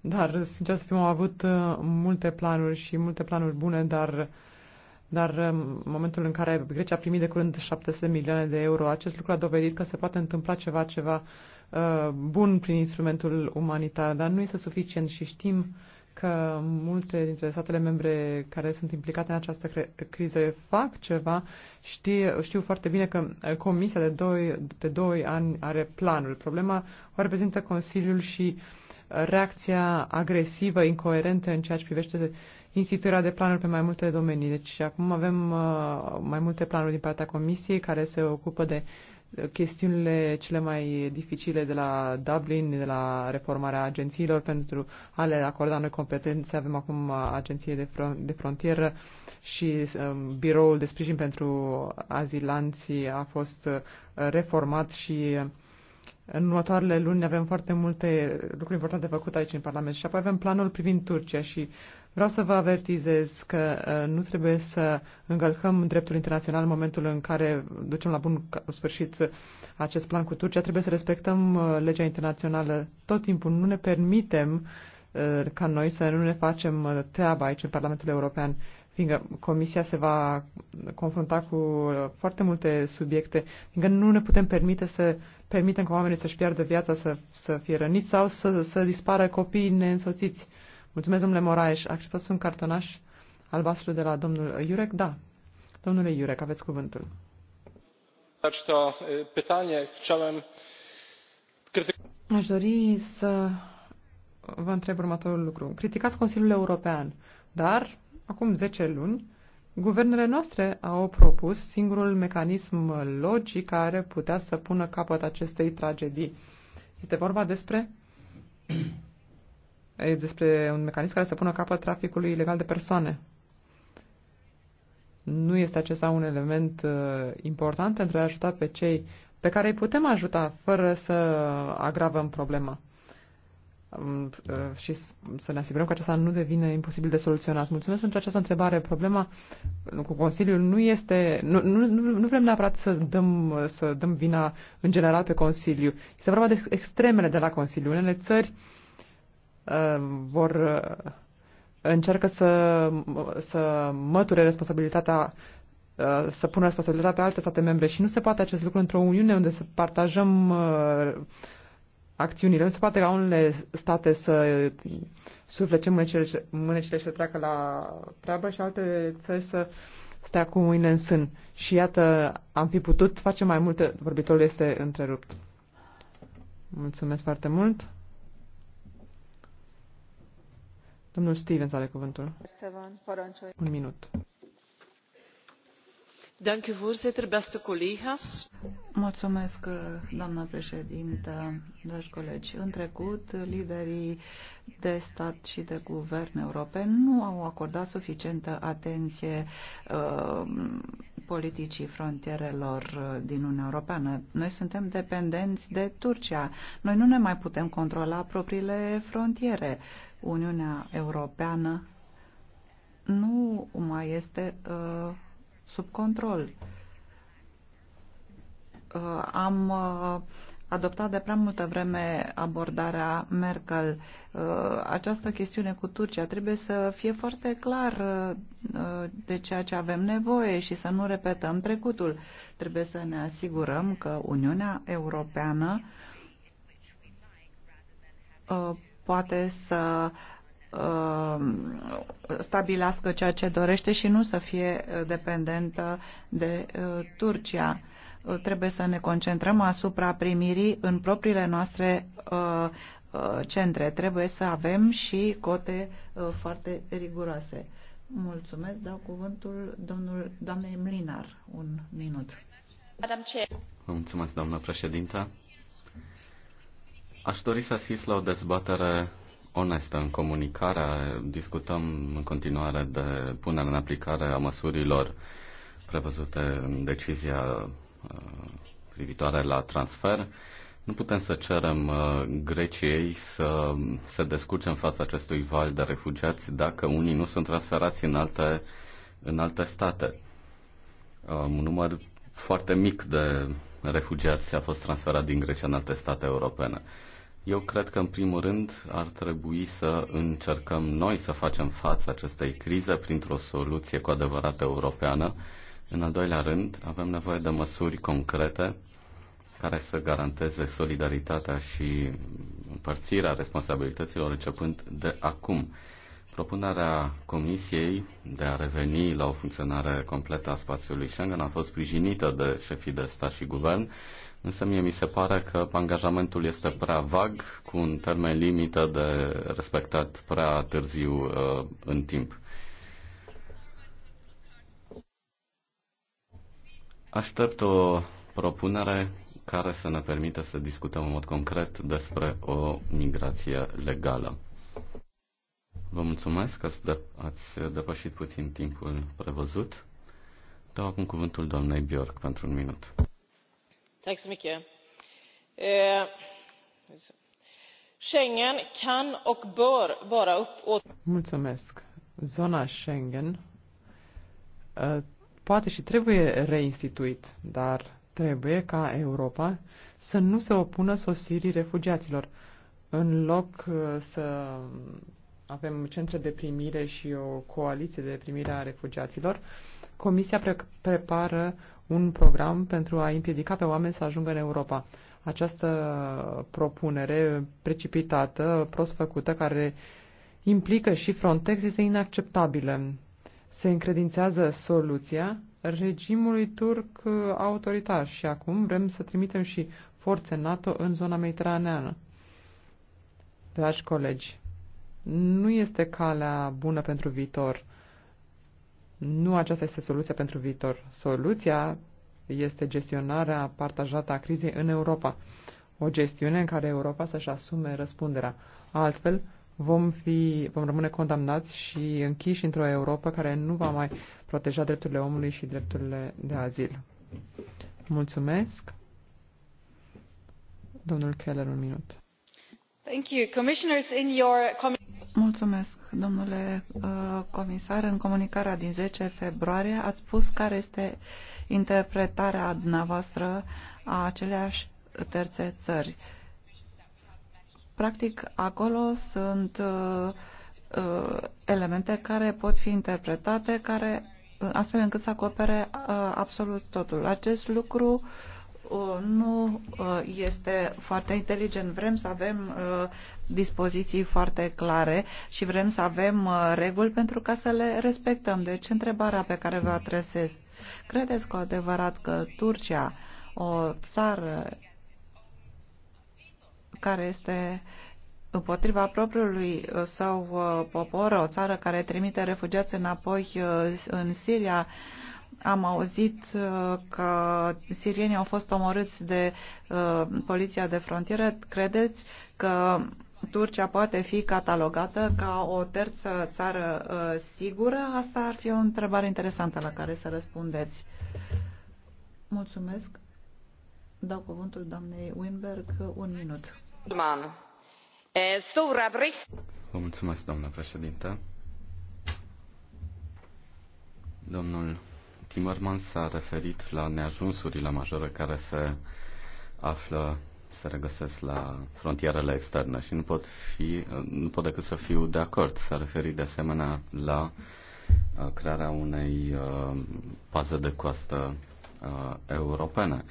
dar, sincer să fim, am avut uh, multe planuri și multe planuri bune, dar dar în uh, momentul în care Grecia a primit de curând 700 milioane de euro, acest lucru a dovedit că se poate întâmpla ceva, ceva Uh, bun prin instrumentul umanitar, dar nu este suficient și știm că multe dintre statele membre care sunt implicate în această criză fac ceva. Știu, știu foarte bine că uh, Comisia de doi de doi ani are planul. Problema o reprezintă Consiliul și uh, reacția agresivă, incoerentă în ceea ce privește instituirea de planuri pe mai multe domenii. Deci acum avem mai multe planuri din partea Comisiei care se ocupă de uh, chestiunile cele mai dificile de la Dublin, de la reformarea agențiilor pentru a le acorda noi competențe. Avem acum agenție de, fron- de frontieră și um, biroul de sprijin pentru azilanții a fost uh, reformat și uh, în următoarele luni avem foarte multe lucruri importante făcute aici în Parlament și apoi avem planul privind Turcia și uh, Vreau să vă avertizez că uh, nu trebuie să încălcăm dreptul internațional în momentul în care ducem la bun sfârșit uh, acest plan cu Turcia. Trebuie să respectăm uh, legea internațională tot timpul. Nu ne permitem ca noi să nu ne facem treaba aici în Parlamentul European fiindcă Comisia se va confrunta cu foarte multe subiecte, fiindcă nu ne putem permite să permitem ca oamenii să-și piardă viața, să, să fie răniți sau să, să dispară copiii neînsoțiți. Mulțumesc, domnule Moraes. fost un cartonaș albastru de la domnul Iurec? Da. Domnule Iurec, aveți cuvântul. Aș dori să vă întreb următorul lucru. Criticați Consiliul European, dar acum 10 luni Guvernele noastre au propus singurul mecanism logic care putea să pună capăt acestei tragedii. Este vorba despre despre un mecanism care să pună capăt traficului ilegal de persoane. Nu este acesta un element uh, important pentru a ajuta pe cei pe care îi putem ajuta fără să agravăm problema um, uh, și să ne asigurăm că acesta nu devine imposibil de soluționat. Mulțumesc pentru această întrebare. Problema uh, cu Consiliul nu este... Nu, nu, nu vrem neapărat să dăm, uh, să dăm vina în general pe Consiliu. Este vorba de extremele de la Consiliu. Unele țări uh, Uh, vor uh, încearcă să, să măture responsabilitatea uh, să pună responsabilitatea pe alte state membre și nu se poate acest lucru într-o Uniune unde să partajăm acțiunile. Nu se poate ca unele state să suflece mânecile, mânecile și să treacă la treabă și alte țări să stea cu mâinile în sân. Și iată, am fi putut face mai multe. Vorbitorul este întrerupt. Mulțumesc foarte mult. Domnul Stevens are cuvântul. Un minut. Mulțumesc, doamnă președintă, dragi colegi. În trecut, liderii de stat și de guvern europeni nu au acordat suficientă atenție uh, politicii frontierelor uh, din Uniunea Europeană. Noi suntem dependenți de Turcia. Noi nu ne mai putem controla propriile frontiere. Uniunea Europeană nu mai este uh, sub control. Uh, am uh, adoptat de prea multă vreme abordarea Merkel. Uh, această chestiune cu Turcia trebuie să fie foarte clar uh, uh, de ceea ce avem nevoie și să nu repetăm trecutul. Trebuie să ne asigurăm că Uniunea Europeană poate să stabilească ceea ce dorește și nu să fie dependentă de Turcia Uh, trebuie să ne concentrăm asupra primirii în propriile noastre uh, uh, centre. Trebuie să avem și cote foarte riguroase. Mulțumesc. Dau cuvântul domnul, doamnei Mlinar. Un minut. Vă mulțumesc, doamnă președintă. Aș dori să asist la o dezbatere onestă în comunicare. Discutăm în continuare de punerea în aplicare a măsurilor prevăzute în decizia Uh, privitoare la transfer, nu putem să cerem uh, Greciei să se descurce în fața acestui val de refugiați dacă unii nu sunt transferați în alte, în alte state. Uh, un număr foarte mic de refugiați a fost transferat din Grecia în alte state europene. Eu cred că, în primul rând, ar trebui să încercăm noi să facem față acestei crize printr-o soluție cu adevărat europeană, în al doilea rând, avem nevoie de măsuri concrete care să garanteze solidaritatea și împărțirea responsabilităților începând de acum. Propunerea Comisiei de a reveni la o funcționare completă a spațiului Schengen a fost sprijinită de șefii de stat și guvern, însă mie mi se pare că angajamentul este prea vag, cu un termen limită de respectat prea târziu uh, în timp. Aștept o propunere care să ne permită să discutăm în mod concret despre o migrație legală. Vă mulțumesc că ați depășit puțin timpul prevăzut. Dau acum cuvântul doamnei Bjork pentru un minut. Eh, Schengen kan och bör vara upp Mulțumesc. Zona Schengen eh, poate și trebuie reinstituit, dar trebuie ca Europa să nu se opună sosirii refugiaților. În loc uh, să avem centre de primire și o coaliție de primire a refugiaților, Comisia pre- prepară un program pentru a împiedica pe oameni să ajungă în Europa. Această propunere precipitată, prost făcută, care implică și Frontex, este inacceptabilă se încredințează soluția regimului turc uh, autoritar și acum vrem să trimitem și forțe NATO în zona mediteraneană. Dragi colegi, nu este calea bună pentru viitor. Nu aceasta este soluția pentru viitor. Soluția este gestionarea partajată a crizei în Europa. O gestiune în care Europa să-și asume răspunderea. Altfel, vom, fi, vom rămâne condamnați și închiși într-o Europa care nu va mai proteja drepturile omului și drepturile de azil. Mulțumesc. Domnul Keller, un minut. Thank you. Commissioners, in your Mulțumesc, domnule uh, comisar. În comunicarea din 10 februarie ați spus care este interpretarea dumneavoastră a aceleași terțe țări. Uh, Practic, acolo sunt uh, uh, elemente care pot fi interpretate, care uh, astfel încât să acopere absolut totul. Acest lucru nu este foarte inteligent. Vrem să avem dispoziții foarte clare și vrem să avem reguli pentru ca să le respectăm. Deci, întrebarea pe care vă adresez, credeți cu adevărat că Turcia, o țară care este împotriva propriului uh, său uh, popor, o țară care trimite refugiați înapoi uh, în Siria. Am auzit că sirienii au fost omorâți de poliția de frontieră. Credeți că Turcia poate fi catalogată ca o terță țară sigură? Asta ar fi o întrebare interesantă la care să răspundeți. Mulțumesc. Dau cuvântul doamnei Winberg un minut. Domnule äh, Președinte, doamnă președintă. Domnul Timmermans s-a referit la neajunsurile majore care se află se regăsesc la frontierele externe și nu pot, fi, nu pot decât să fiu de acord. S-a referit de asemenea la uh, crearea unei uh, paze de coastă uh, europene.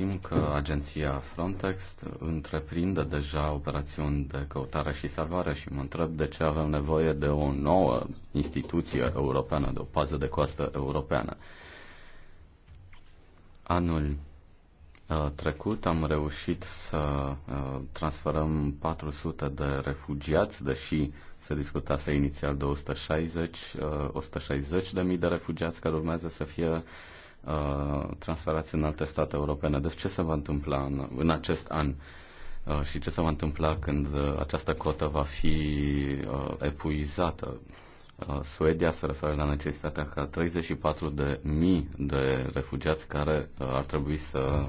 Știm că agenția Frontex întreprinde deja operațiuni de căutare și salvare și mă întreb de ce avem nevoie de o nouă instituție europeană, de o pază de coastă europeană. Anul uh, trecut am reușit să uh, transferăm 400 de refugiați, deși se discutase inițial de 160, 160 uh, de mii de refugiați care urmează să fie Uh, transferați în alte state europene. Deci ce se va întâmpla în, în acest an uh, și ce se va întâmpla când uh, această cotă va fi epuizată? Suedia se referă la necesitatea ca 34.000 de refugiați care ar trebui să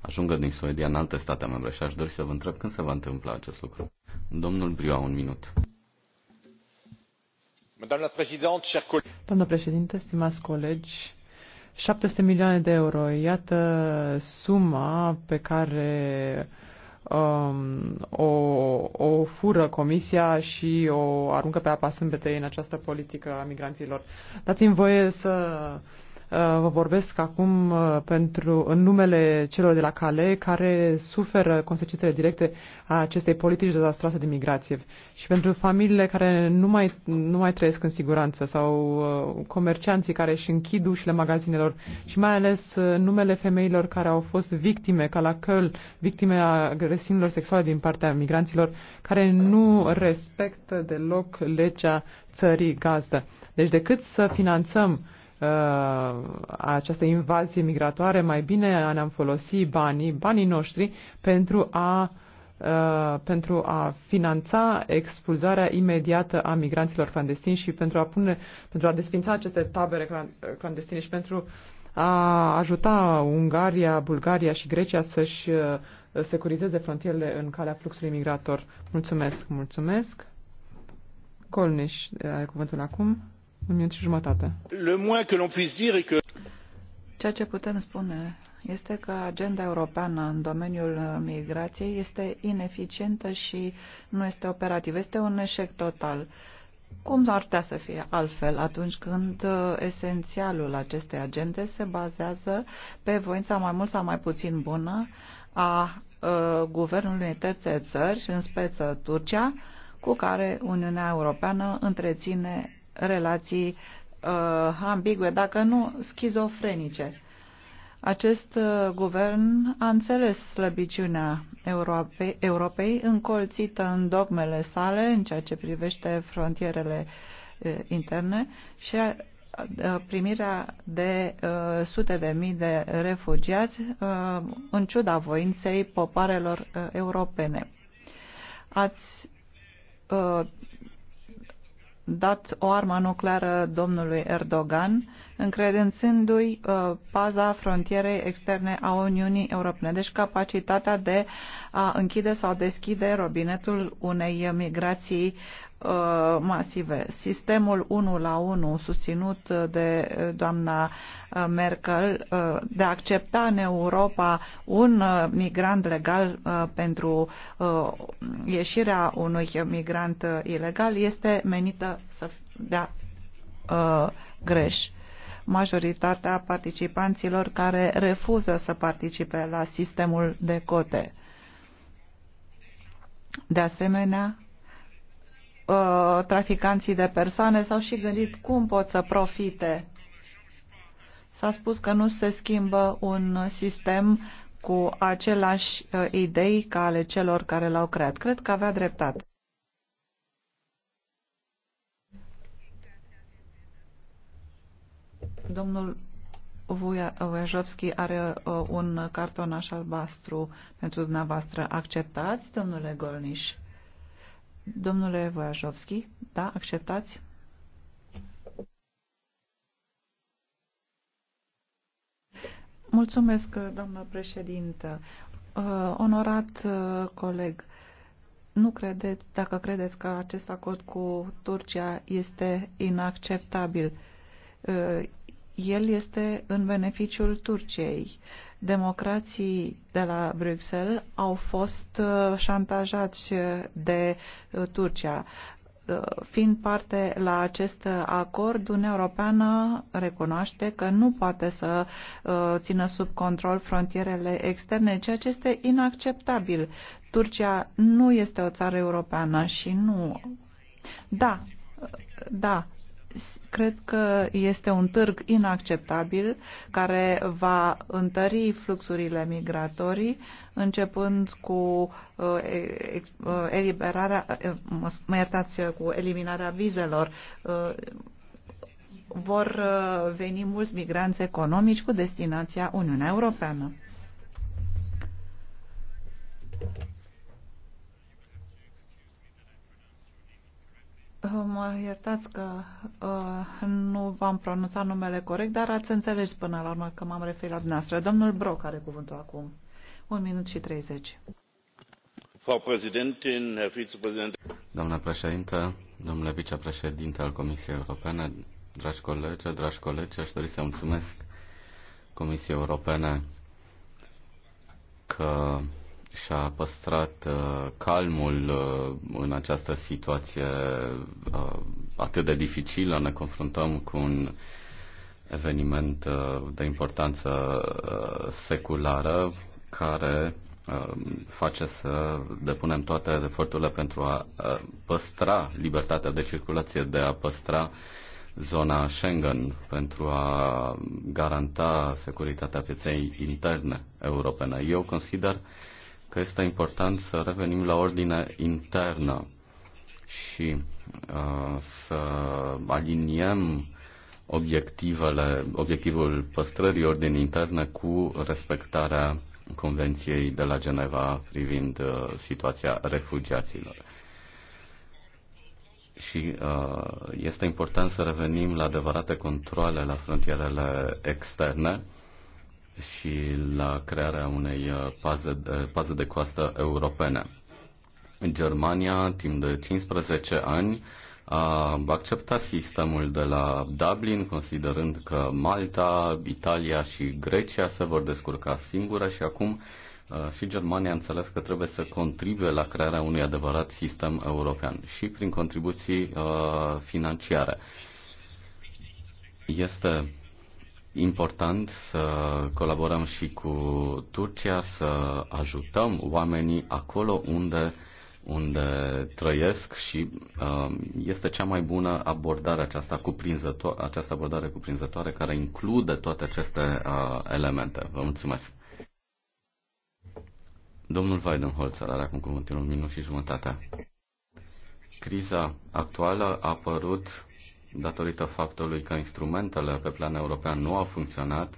ajungă din Suedia în alte state membre și aș dori să vă întreb când se va întâmpla acest lucru. Domnul Brioa, un minut. Doamna președinte, stimați colegi, 700 milioane de euro. Iată suma pe care um, o, o fură Comisia și o aruncă pe apa sâmbetei în această politică a migranților. Dați-mi voie să Uh, vă vorbesc acum uh, pentru, în numele celor de la Cale care suferă consecințele directe a acestei politici dezastroase de migrație și pentru familiile care nu mai, nu mai trăiesc în siguranță sau uh, comercianții care își închid ușile magazinelor și mai ales numele femeilor care au fost victime, ca la Căl, victime a agresiunilor sexuale din partea migranților care nu respectă deloc legea țării gazdă. Deci decât să finanțăm uh, uh, această invazie migratoare, mai bine ne-am folosit banii, banii noștri, pentru a, uh, pentru a finanța expulzarea imediată a migranților clandestini și pentru a, pune, pentru a desfința aceste tabere clandestine și pentru a ajuta Ungaria, Bulgaria și Grecia să-și uh, securizeze frontierele în calea fluxului migrator. Mulțumesc, mulțumesc. Colniș, uh, ai cuvântul acum. Un minut și jumătate. Le moins que l'on puisse dire est que... Ceea ce putem spune este că agenda europeană în domeniul migrației este ineficientă și nu este operativă. Este un eșec total. Cum ar putea să fie altfel atunci când uh, esențialul acestei agende se bazează pe voința mai mult sau mai puțin bună a uh, guvernului terțe țări, în speță Turcia, cu care Uniunea Europeană întreține relații uh, ambigue, dacă nu schizofrenice. Acest uh, guvern a înțeles slăbiciunea Europei, Europei încolțită în dogmele sale în ceea ce privește frontierele uh, interne și a, uh, primirea de uh, sute de mii de refugiați uh, în ciuda voinței poparelor uh, europene. Ați uh, dat o armă nucleară domnului Erdogan, încredințându-i uh, paza frontierei externe a Uniunii Europene, deci capacitatea de a închide sau deschide robinetul unei migrații Uh, masive. Sistemul 1 la 1 susținut de doamna uh, Merkel uh, de a accepta în Europa un migrant legal pentru ieșirea unui migrant ilegal este menită să dea greș majoritatea participanților care refuză să participe la sistemul de cote. De asemenea, Uh, traficanții de persoane s-au și gândit cum pot să profite. S-a spus că nu se schimbă un sistem cu aceleași uh, idei ca ale celor care l-au creat. Cred că avea dreptate. Domnul Vujajovski uh, are un un așa albastru pentru dumneavoastră. Acceptați, domnule Golniș? Domnule Voiajovski, da, acceptați? Mulțumesc, doamnă președintă. Uh, onorat uh, coleg, nu credeți, dacă credeți că acest acord cu Turcia este inacceptabil, uh, el este în beneficiul Turciei. Democrații de la Bruxelles au fost uh, șantajați uh, de uh, Turcia. Fiind parte la acest acord, Uniunea Europeană recunoaște că nu poate să țină sub control frontierele externe, ceea ce este inacceptabil. Turcia nu este o țară europeană și nu. Da, da, Cred că este un târg inacceptabil care va întări fluxurile migratorii, începând cu uh, uh, eliberarea, uh, mă iertați, cu eliminarea vizelor. Vor veni mulți migranți economici cu destinația Uniunea Europeană. Mă iertați că uh, nu v-am pronunțat numele corect, dar ați înțeles până la urmă că m-am referit la dumneavoastră. Domnul Broc are cuvântul acum. Un minut și treizeci. Doamna președintă, domnule vicepreședinte al Comisiei Europene, dragi colegi, dragi colegi, aș dori să mulțumesc Comisiei Europene că și-a păstrat uh, calmul uh, în această situație uh, atât de dificilă. Ne confruntăm cu un eveniment uh, de importanță uh, seculară care uh, face să depunem toate eforturile pentru a uh, păstra libertatea de circulație, de a păstra zona Schengen pentru a garanta securitatea pieței interne europene. Eu consider uh, că este important să revenim la ordine internă și uh, să aliniem obiectivele, obiectivul păstrării ordinii interne cu respectarea Convenției de la Geneva privind uh, situația refugiaților. Și uh, este important să revenim la adevărate controle la frontierele externe și la crearea unei uh, paze de, uh, paze de coastă europene. Germania, timp de 15 ani, a acceptat sistemul de la Dublin, considerând că Malta, Italia și Grecia se vor descurca singure și acum uh, și Germania a înțeles că trebuie să contribuie la crearea unui adevărat sistem european și prin contribuții financiare. Este important să colaborăm și cu Turcia, să ajutăm oamenii acolo unde, unde trăiesc și uh, este cea mai bună abordare aceasta, cuprinzătoare, această abordare cuprinzătoare care include toate aceste uh, elemente. Vă mulțumesc! Domnul Weidenholzer are acum cuvântul un minut și jumătate. Criza actuală a apărut datorită faptului că instrumentele pe plan european nu au funcționat,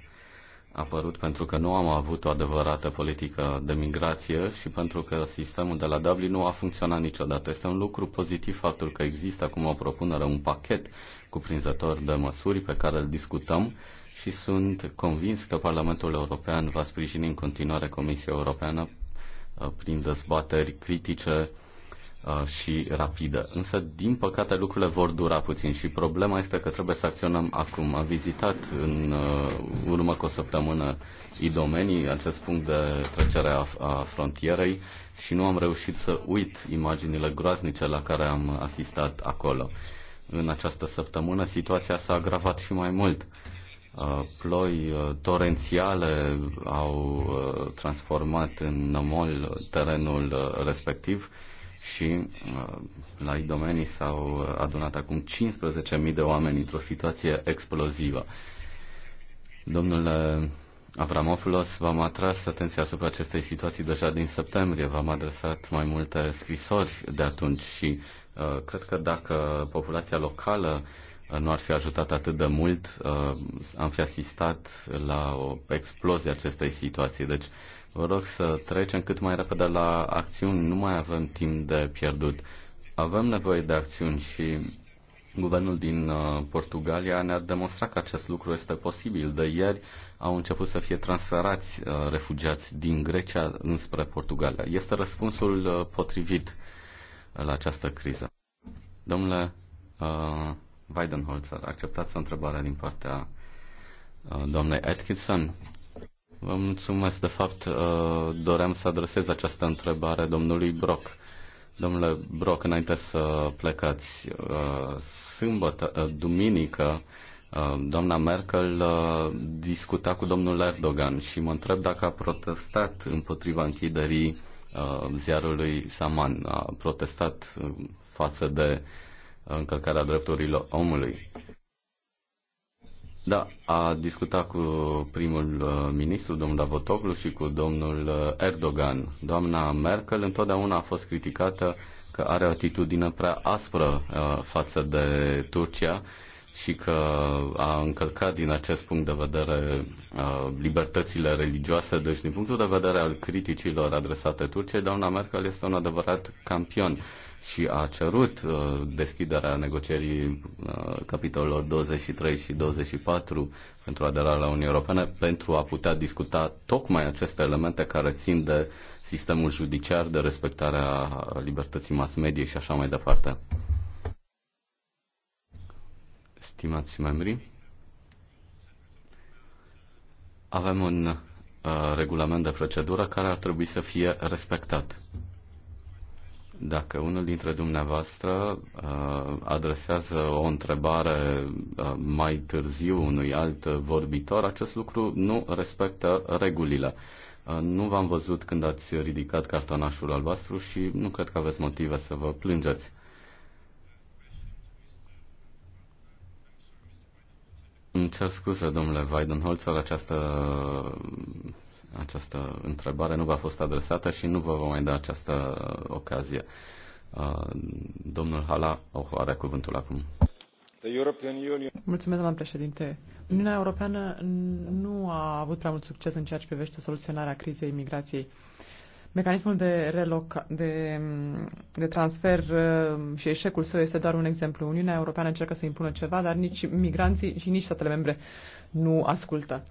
a apărut pentru că nu am avut o adevărată politică de migrație și pentru că sistemul de la Dublin nu a funcționat niciodată. Este un lucru pozitiv faptul că există acum o propunere, un pachet cuprinzător de măsuri pe care îl discutăm și sunt convins că Parlamentul European va sprijini în continuare Comisia Europeană uh, prin dezbateri critice Uh, și rapidă. Însă, din păcate, lucrurile vor dura puțin și problema este că trebuie să acționăm acum. Am vizitat uh, în urmă cu o săptămână idomenii, acest punct de trecere a, a frontierei și nu am reușit să uit imaginile groaznice la care am asistat acolo. În această săptămână situația s-a agravat și mai mult. Uh, ploi torențiale au transformat în nămol terenul respectiv și uh, la domenii s-au adunat acum 15.000 de oameni într-o situație explozivă. Domnule uh, Avramofulos, v-am atras atenția asupra acestei situații deja din septembrie, v-am adresat mai multe scrisori de atunci și uh, cred că dacă populația locală uh, nu ar fi ajutat atât de mult, uh, am fi asistat la o explozie acestei situații. Deci Vă rog să trecem cât mai repede la acțiuni. Nu mai avem timp de pierdut. Avem nevoie de acțiuni și Guvernul din uh, Portugalia ne-a demonstrat că acest lucru este posibil. De ieri au început să fie transferați uh, refugiați din Grecia înspre Portugalia. Este răspunsul uh, potrivit la această criză. Domnule uh, Weidenholzer, acceptați o întrebare din partea uh, doamnei Atkinson? Vă mulțumesc. De fapt, uh, doream să adresez această întrebare domnului Brock. Domnule Brock, înainte să plecați, uh, sâmbătă, uh, duminică, doamna Merkel discuta cu domnul Erdogan și mă întreb dacă a protestat împotriva închiderii ziarului Saman. A protestat față de încălcarea drepturilor omului. Da, a discutat cu primul uh, ministru, domnul Davotoglu, și cu domnul uh, Erdogan. Doamna Merkel întotdeauna a fost criticată că are o atitudine prea aspră uh, față de Turcia și că a încălcat din acest punct de vedere libertățile religioase. Deci, din punctul de vedere al criticilor adresate Turciei, doamna Merkel este un adevărat campion și a cerut uh, deschiderea negocierii uh, capitolelor 23 și 24 pentru aderarea la Uniunea Europeană pentru a putea discuta tocmai aceste elemente care țin de sistemul judiciar, de respectarea libertății mass media și așa mai departe. Stimați membri, avem un uh, regulament de procedură care ar trebui să fie respectat. Dacă unul dintre dumneavoastră uh, adresează o întrebare uh, mai târziu unui alt vorbitor, acest lucru nu respectă regulile. Uh, nu v-am văzut când ați ridicat cartonașul albastru și nu cred că aveți motive să vă plângeți. Îmi cer scuze, domnule Weidenholzer, această această întrebare nu v-a fost adresată și nu vă vom mai da această ocazie. Uh, domnul Hala oh, are cuvântul acum. Mulțumesc, doamna președinte. Uniunea Europeană nu a avut prea mult succes în ceea ce privește soluționarea crizei imigrației. Mecanismul de, reloc, de, de transfer uh, și eșecul său este doar un exemplu. Uniunea Europeană încearcă să impună ceva, dar nici migranții și nici statele membre nu ascultă.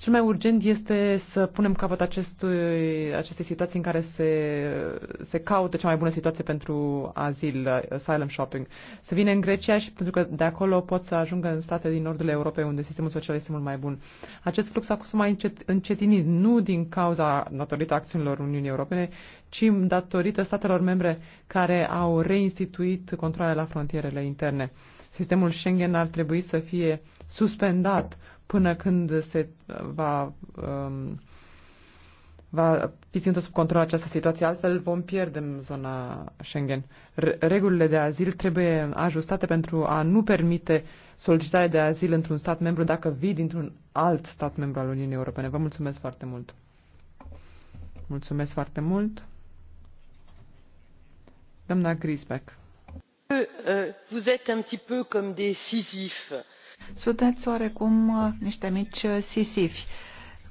Cel mai urgent este să punem capăt acestui, acestei situații în care se, se caută cea mai bună situație pentru azil, asylum shopping. Să vine în Grecia și pentru că de acolo pot să ajungă în state din nordul Europei unde sistemul social este mult mai bun. Acest flux a fost mai încet, încetinit, nu din cauza datorită acțiunilor Uniunii Europene, ci datorită statelor membre care au reinstituit controlele la frontierele interne. Sistemul Schengen ar trebui să fie suspendat până când se va, um, va fi ținută sub control această situație, altfel vom pierde în zona Schengen. Regulile de azil trebuie ajustate pentru a nu permite solicitarea de azil într-un stat membru dacă vii dintr-un alt stat membru al Uniunii Europene. Vă mulțumesc foarte mult! Mulțumesc foarte mult! Doamna Grisbeck. Euh, euh, vous êtes un petit peu comme des Sisyphes sunteți oarecum uh, niște mici uh, sisifi.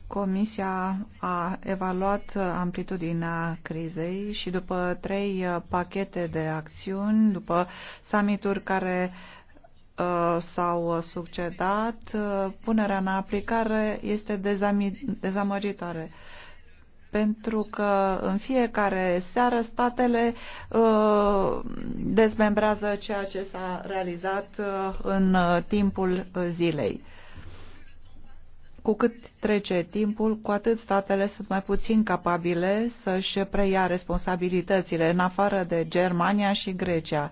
Comisia a evaluat uh, amplitudinea crizei și după trei pachete de acțiuni, după summituri care s-au succedat, punerea în aplicare este dezamăgitoare pentru că în fiecare seară statele uh, dezmembrează ceea ce s-a realizat uh, în uh, timpul zilei. Cu cât trece timpul, cu atât statele sunt mai puțin capabile să-și preia responsabilitățile, în afară de Germania și Grecia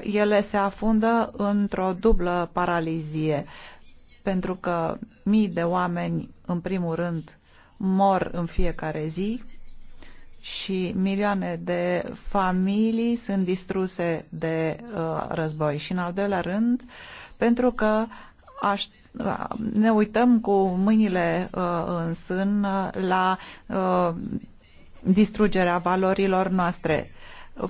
ele se afundă într-o dublă paralizie, pentru că mii de oameni, în primul rând, mor în fiecare zi și milioane de familii sunt distruse de uh, război. Și în al doilea rând, pentru că aș, ne uităm cu mâinile uh, în sân uh, la uh, distrugerea valorilor noastre.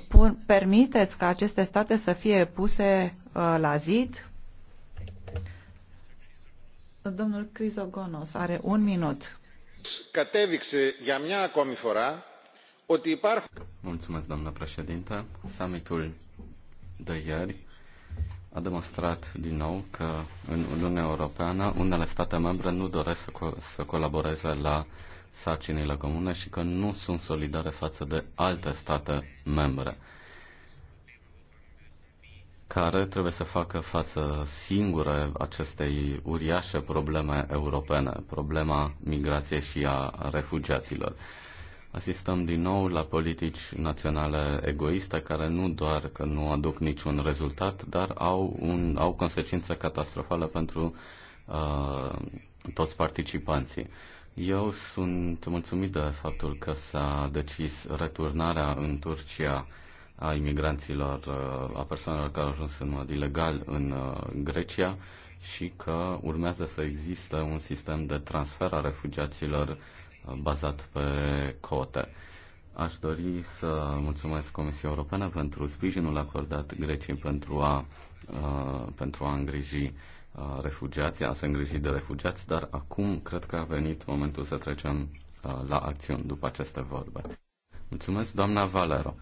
Pun, permiteți ca aceste state să fie puse uh, la zid? Domnul Crisogonos are un minut. Mulțumesc, doamnă președintă. Summitul de ieri a demonstrat din nou că în Uniunea Europeană unele state membre nu doresc să, co- să colaboreze la sarcinile comune și că nu sunt solidare față de alte state membre care trebuie să facă față singure acestei uriașe probleme europene, problema migrației și a refugiaților. Asistăm din nou la politici naționale egoiste care nu doar că nu aduc niciun rezultat, dar au, un, au consecințe catastrofale pentru uh, toți participanții. Eu sunt mulțumit de faptul că s-a decis returnarea în Turcia a imigranților, uh, a persoanelor care au ajuns în mod ilegal în uh, Grecia și că urmează să existe un sistem de transfer a refugiaților uh, bazat pe cote. Aș dori să mulțumesc Comisiei Europene pentru sprijinul acordat Greciei pentru a, pentru a îngriji refugiații, a se îngriji de refugiați, dar acum cred că a venit momentul să trecem la acțiuni după aceste vorbe. Mulțumesc, doamna Valero.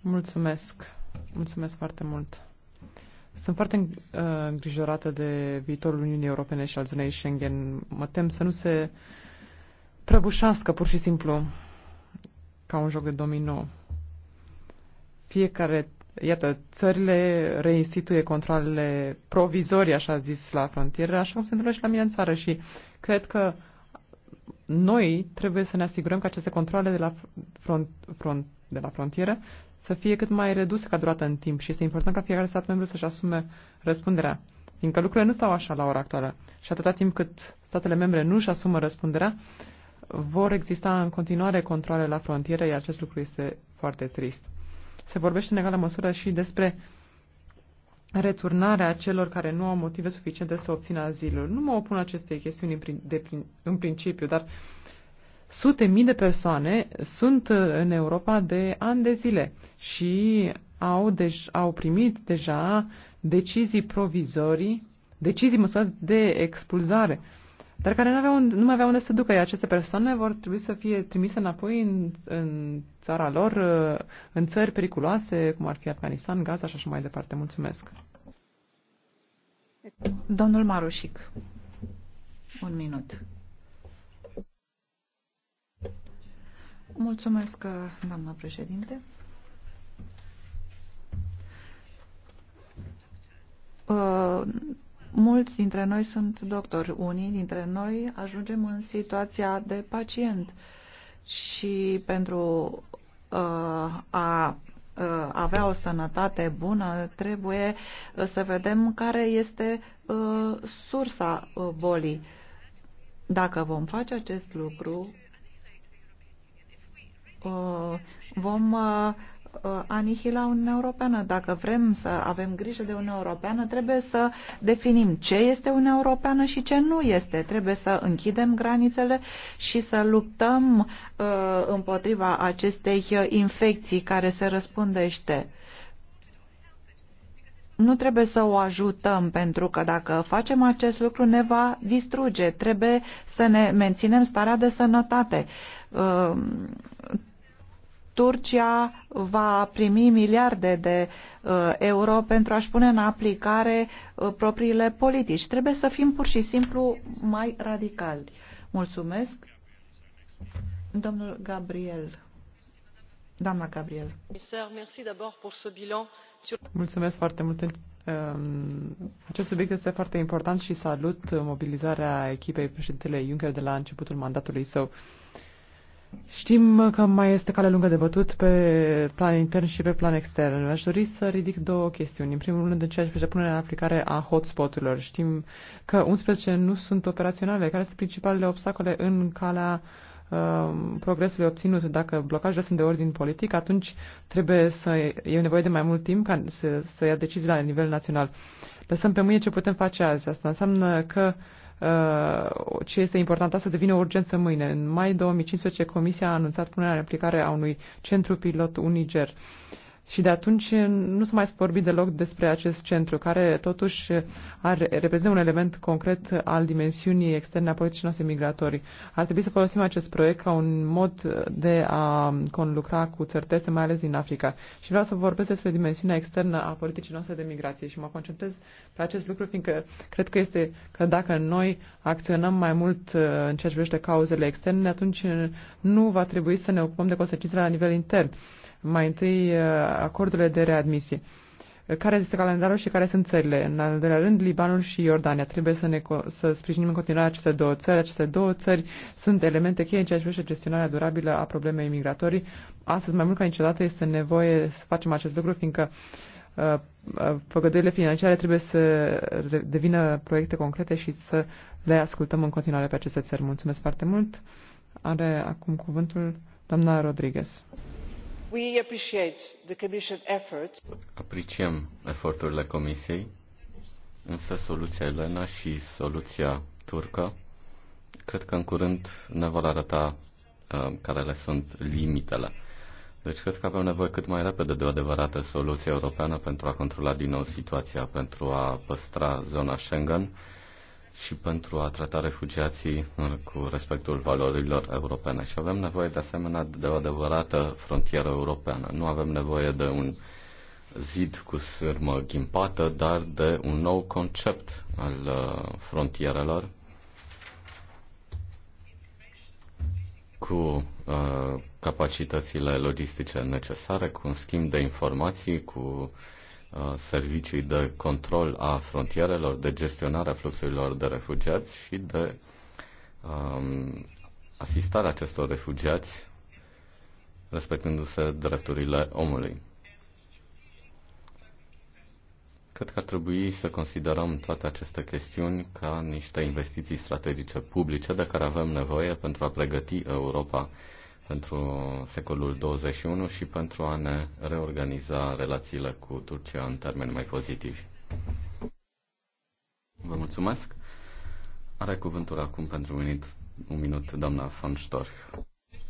Mulțumesc. Mulțumesc foarte mult. Sunt foarte uh, îngrijorată de viitorul Uniunii Europene și al zonei Schengen. Mă tem să nu se prăbușească pur și simplu ca un joc de domino. Fiecare, iată, țările reinstituie controlele provizorii, așa zis, la frontieră, așa cum se întâmplă și la mine în țară și cred că noi trebuie să ne asigurăm că aceste controle de la, front, front, de la frontieră să fie cât mai reduse ca durată în timp și este important ca fiecare stat membru să-și asume răspunderea, fiindcă lucrurile nu stau așa la ora actuală și atâta timp cât statele membre nu își asumă răspunderea, vor exista în continuare controle la frontieră, iar acest lucru este foarte trist. Se vorbește în egală măsură și despre uh, returnarea celor care nu au motive suficiente să obțină azilul. Nu mă opun acestei chestiuni în, prin, de, în principiu, dar sute mii de persoane sunt uh, în Europa de ani de zile și au, dej, au primit deja decizii provizorii, decizii măsoase de expulzare. Uh, dar care nu, aveau, nu mai aveau unde să ducă. Iar aceste persoane vor trebui să fie trimise înapoi în, în țara lor, uh, în țări periculoase, cum ar fi Afganistan, Gaza și așa mai departe. Mulțumesc. Domnul Marușic, un minut. Mulțumesc, uh, doamnă președinte. Uh, Mulți dintre noi sunt doctori, unii dintre noi ajungem în situația de pacient și pentru uh, a uh, avea o sănătate bună, trebuie uh, să vedem care este uh, sursa uh, bolii. Dacă vom face acest lucru, uh, vom uh, Uh, anihila Uniunea Europeană. Dacă vrem să avem grijă de Uniunea Europeană, trebuie să definim ce este Uniunea Europeană și ce nu este. Trebuie să închidem granițele și să luptăm uh, împotriva acestei uh, infecții care se răspândește nu trebuie să o ajutăm, pentru că dacă facem acest lucru ne va distruge. Trebuie să ne menținem starea de sănătate. Turcia va primi miliarde de uh, euro pentru a-și pune în aplicare uh, propriile politici. Trebuie să fim pur și simplu mai radicali. Mulțumesc. Domnul Gabriel. Doamna Gabriel. Mulțumesc foarte mult. Um, acest subiect este foarte important și salut mobilizarea echipei președintele Juncker de la începutul mandatului său. Știm că mai este cale lungă de bătut pe plan intern și pe plan extern. Aș dori să ridic două chestiuni. În primul rând, în ceea ce privește punerea în aplicare a hotspots-urilor. Știm că 11 nu sunt operaționale. Care sunt principalele obstacole în calea uh, progresului obținut. Dacă blocajele sunt de ordin politic, atunci trebuie să e nevoie de mai mult timp ca să, să ia decizii la nivel național. Lăsăm pe mâine ce putem face azi. Asta înseamnă că uh, Uh, ce este important să o urgență mâine. În mai 2015, Comisia a anunțat punerea în aplicare a unui centru pilot Uniger. Uh, și de atunci nu s-a mai vorbit deloc despre acest centru, care totuși ar reprezenta un element concret al dimensiunii externe a politicii noastre migratorii. Ar trebui să folosim acest proiect ca un mod de a conlucra cu certețe, mai ales din Africa. Și vreau să vorbesc despre dimensiunea externă a politicii noastre de migrație și mă concentrez pe acest lucru, fiindcă cred că este că dacă noi acționăm mai mult uh, în ceea ce privește cauzele externe, atunci nu va trebui să ne ocupăm de consecințele la nivel intern. Mai întâi, uh, acordurile de readmisie. Uh, care este calendarul și care sunt țările? În al doilea rând, Libanul și Iordania. Trebuie să, ne, să sprijinim în continuare aceste două țări. Aceste două țări sunt elemente cheie în ceea ce privește gestionarea durabilă a problemei migratorii. Astăzi, mai mult ca niciodată, este nevoie să facem acest lucru, fiindcă uh, uh făgăduirile financiare trebuie să devină proiecte concrete și să le ascultăm în continuare pe aceste țări. Mulțumesc foarte mult! Are acum cuvântul doamna Rodriguez. Apreciem eforturile Comisiei, însă soluția Elena și soluția turcă cred că în curând ne vor arăta uh, care le sunt limitele. Deci cred că avem nevoie cât mai repede de o adevărată soluție europeană pentru a controla din nou situația, pentru a păstra zona Schengen și pentru a trata refugiații cu respectul valorilor europene. Și avem nevoie de asemenea de o adevărată frontieră europeană. Nu avem nevoie de un zid cu sârmă ghimpată, dar de un nou concept al uh, frontierelor cu uh, capacitățile logistice necesare, cu un schimb de informații, cu uh, Uh, servicii de control a frontierelor, de gestionare a fluxurilor de refugiați și de um, asistarea acestor refugiați respectându-se drepturile omului. Cred că ar trebui să considerăm toate aceste chestiuni ca niște investiții strategice publice de care avem nevoie pentru a pregăti Europa pentru secolul 21 și pentru a ne reorganiza relațiile cu Turcia în termeni mai pozitivi. Vă mulțumesc. Are cuvântul acum pentru un minut, un minut doamna von Storch.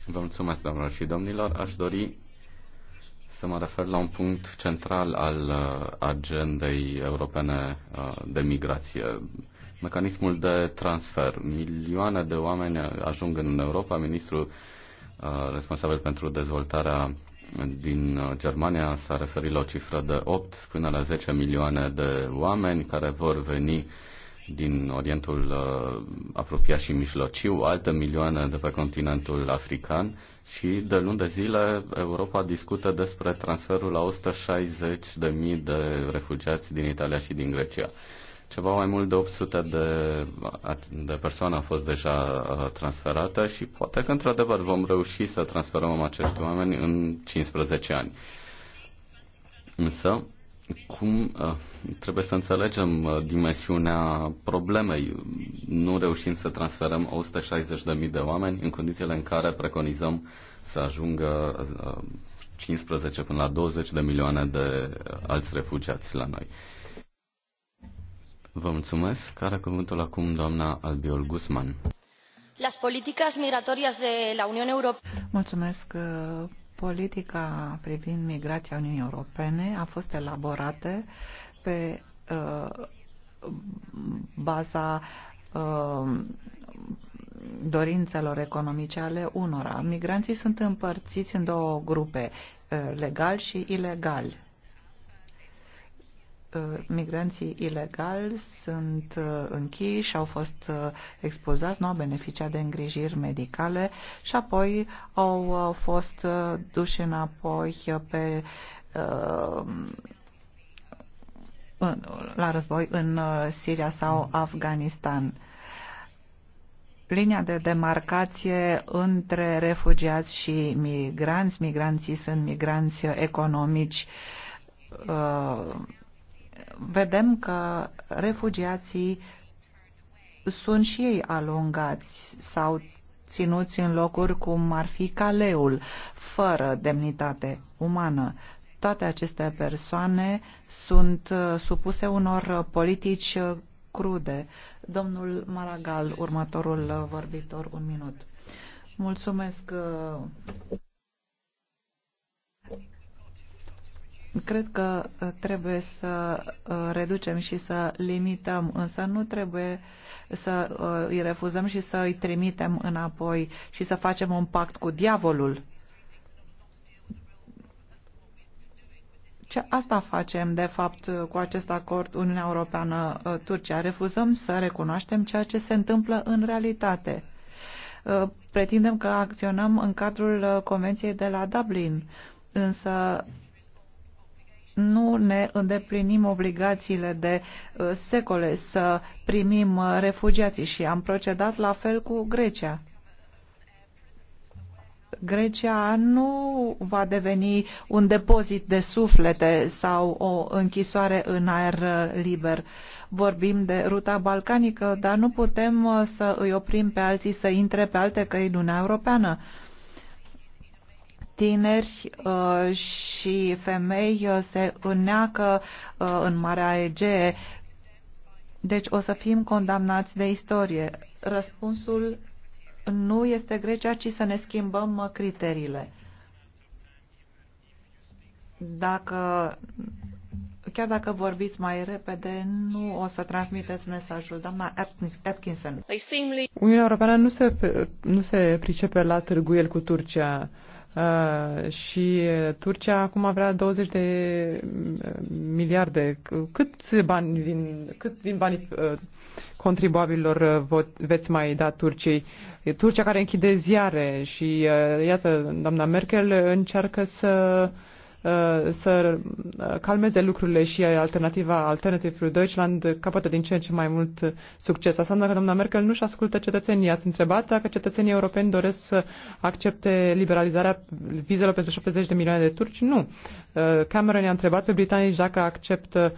Vă mulțumesc, doamnelor și domnilor. Aș dori să mă refer la un punct central al uh, agendei europene uh, de migrație. Mecanismul de transfer. Milioane de oameni ajung în Europa. Ministrul Uh, responsabil pentru dezvoltarea din uh, Germania s-a referit la o cifră de 8 până la 10 milioane de oameni care vor veni din Orientul uh, apropiat și mijlociu, alte milioane de pe continentul african și de luni de zile Europa discută despre transferul la 160.000 de refugiați din Italia și din Grecia. Ceva mai mult de 800 de, de persoane au fost deja uh, transferate și poate că într-adevăr vom reuși să transferăm acești oameni în 15 ani. Însă, cum uh, trebuie să înțelegem uh, dimensiunea problemei? Nu reușim să transferăm 160.000 de oameni în condițiile în care preconizăm să ajungă 15 până la 20 de milioane de alți refugiați la noi. Vă mulțumesc. Care cuvântul acum doamna Albiol Guzman? Las politicas migratorias de la Unión Europeană. Mulțumesc. Politica privind migrația Uniunii Europene a fost elaborată pe uh, baza uh, dorințelor economice ale unora. Migranții sunt împărțiți în două grupe, uh, legal și ilegal. Uh, migranții ilegali sunt uh, închiși, au fost uh, expozați, nu au beneficiat de îngrijiri medicale și apoi au fost duși înapoi pe la război în Siria sau Afganistan linia de demarcație între refugiați și migranți. Migranții sunt migranți economici vedem că refugiații sunt și ei alungați sau ținuți în locuri cum ar fi caleul, fără demnitate umană. Toate aceste persoane sunt uh, supuse unor politici uh, crude. Domnul Maragal, următorul uh, vorbitor, un minut. Mulțumesc. Cred că uh, trebuie să uh, reducem și să limităm, însă nu trebuie să uh, îi refuzăm și să îi trimitem înapoi și să facem un pact cu diavolul. Ce asta facem, de fapt, cu acest acord Uniunea Europeană-Turcia? Refuzăm să recunoaștem ceea ce se întâmplă în realitate pretindem că acționăm în cadrul Convenției de la Dublin, însă nu ne îndeplinim obligațiile de uh, secole să primim uh, refugiații și am procedat la fel cu Grecia. Grecia nu va deveni un depozit de suflete sau o închisoare în aer uh, liber. Vorbim de ruta balcanică, dar nu putem să îi oprim pe alții să intre pe alte căi în Uniunea Europeană tineri uh, și femei uh, se înneacă uh, în Marea Egee. Deci o să fim condamnați de istorie. Răspunsul nu este Grecia, ci să ne schimbăm criteriile. Dacă, chiar dacă vorbiți mai repede, nu o să transmiteți mesajul. Doamna Atkinson. Uniunea Europeană nu se, nu se pricepe la târguiel cu Turcia. Uh, și uh, Turcia acum vrea 20 de uh, miliarde. Cât bani din, cât din banii contribuabililor veți mai da Turciei? Turcia care închide ziare și, iată, doamna Merkel încearcă să uh, Uh, să uh, calmeze lucrurile și alternativa Alternative pentru Deutschland capătă din ce în ce mai mult succes. Asta înseamnă că doamna Merkel nu-și ascultă cetățenii. Ați întrebat dacă cetățenii europeni doresc să accepte liberalizarea vizelor pentru 70 de milioane de turci? Nu. Uh, Cameron i-a întrebat pe britanici dacă acceptă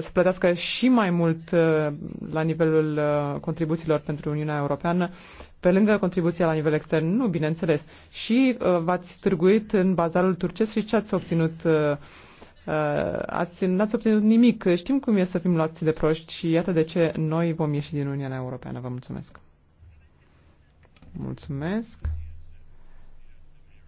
să plătească și mai mult la nivelul contribuțiilor pentru Uniunea Europeană pe lângă contribuția la nivel extern, nu, bineînțeles. Și uh, v-ați târguit în bazarul turcesc și ce ați obținut? Uh, uh, ați, n-ați obținut nimic. Știm cum e să fim luați de proști și iată de ce noi vom ieși din Uniunea Europeană. Vă mulțumesc. Mulțumesc.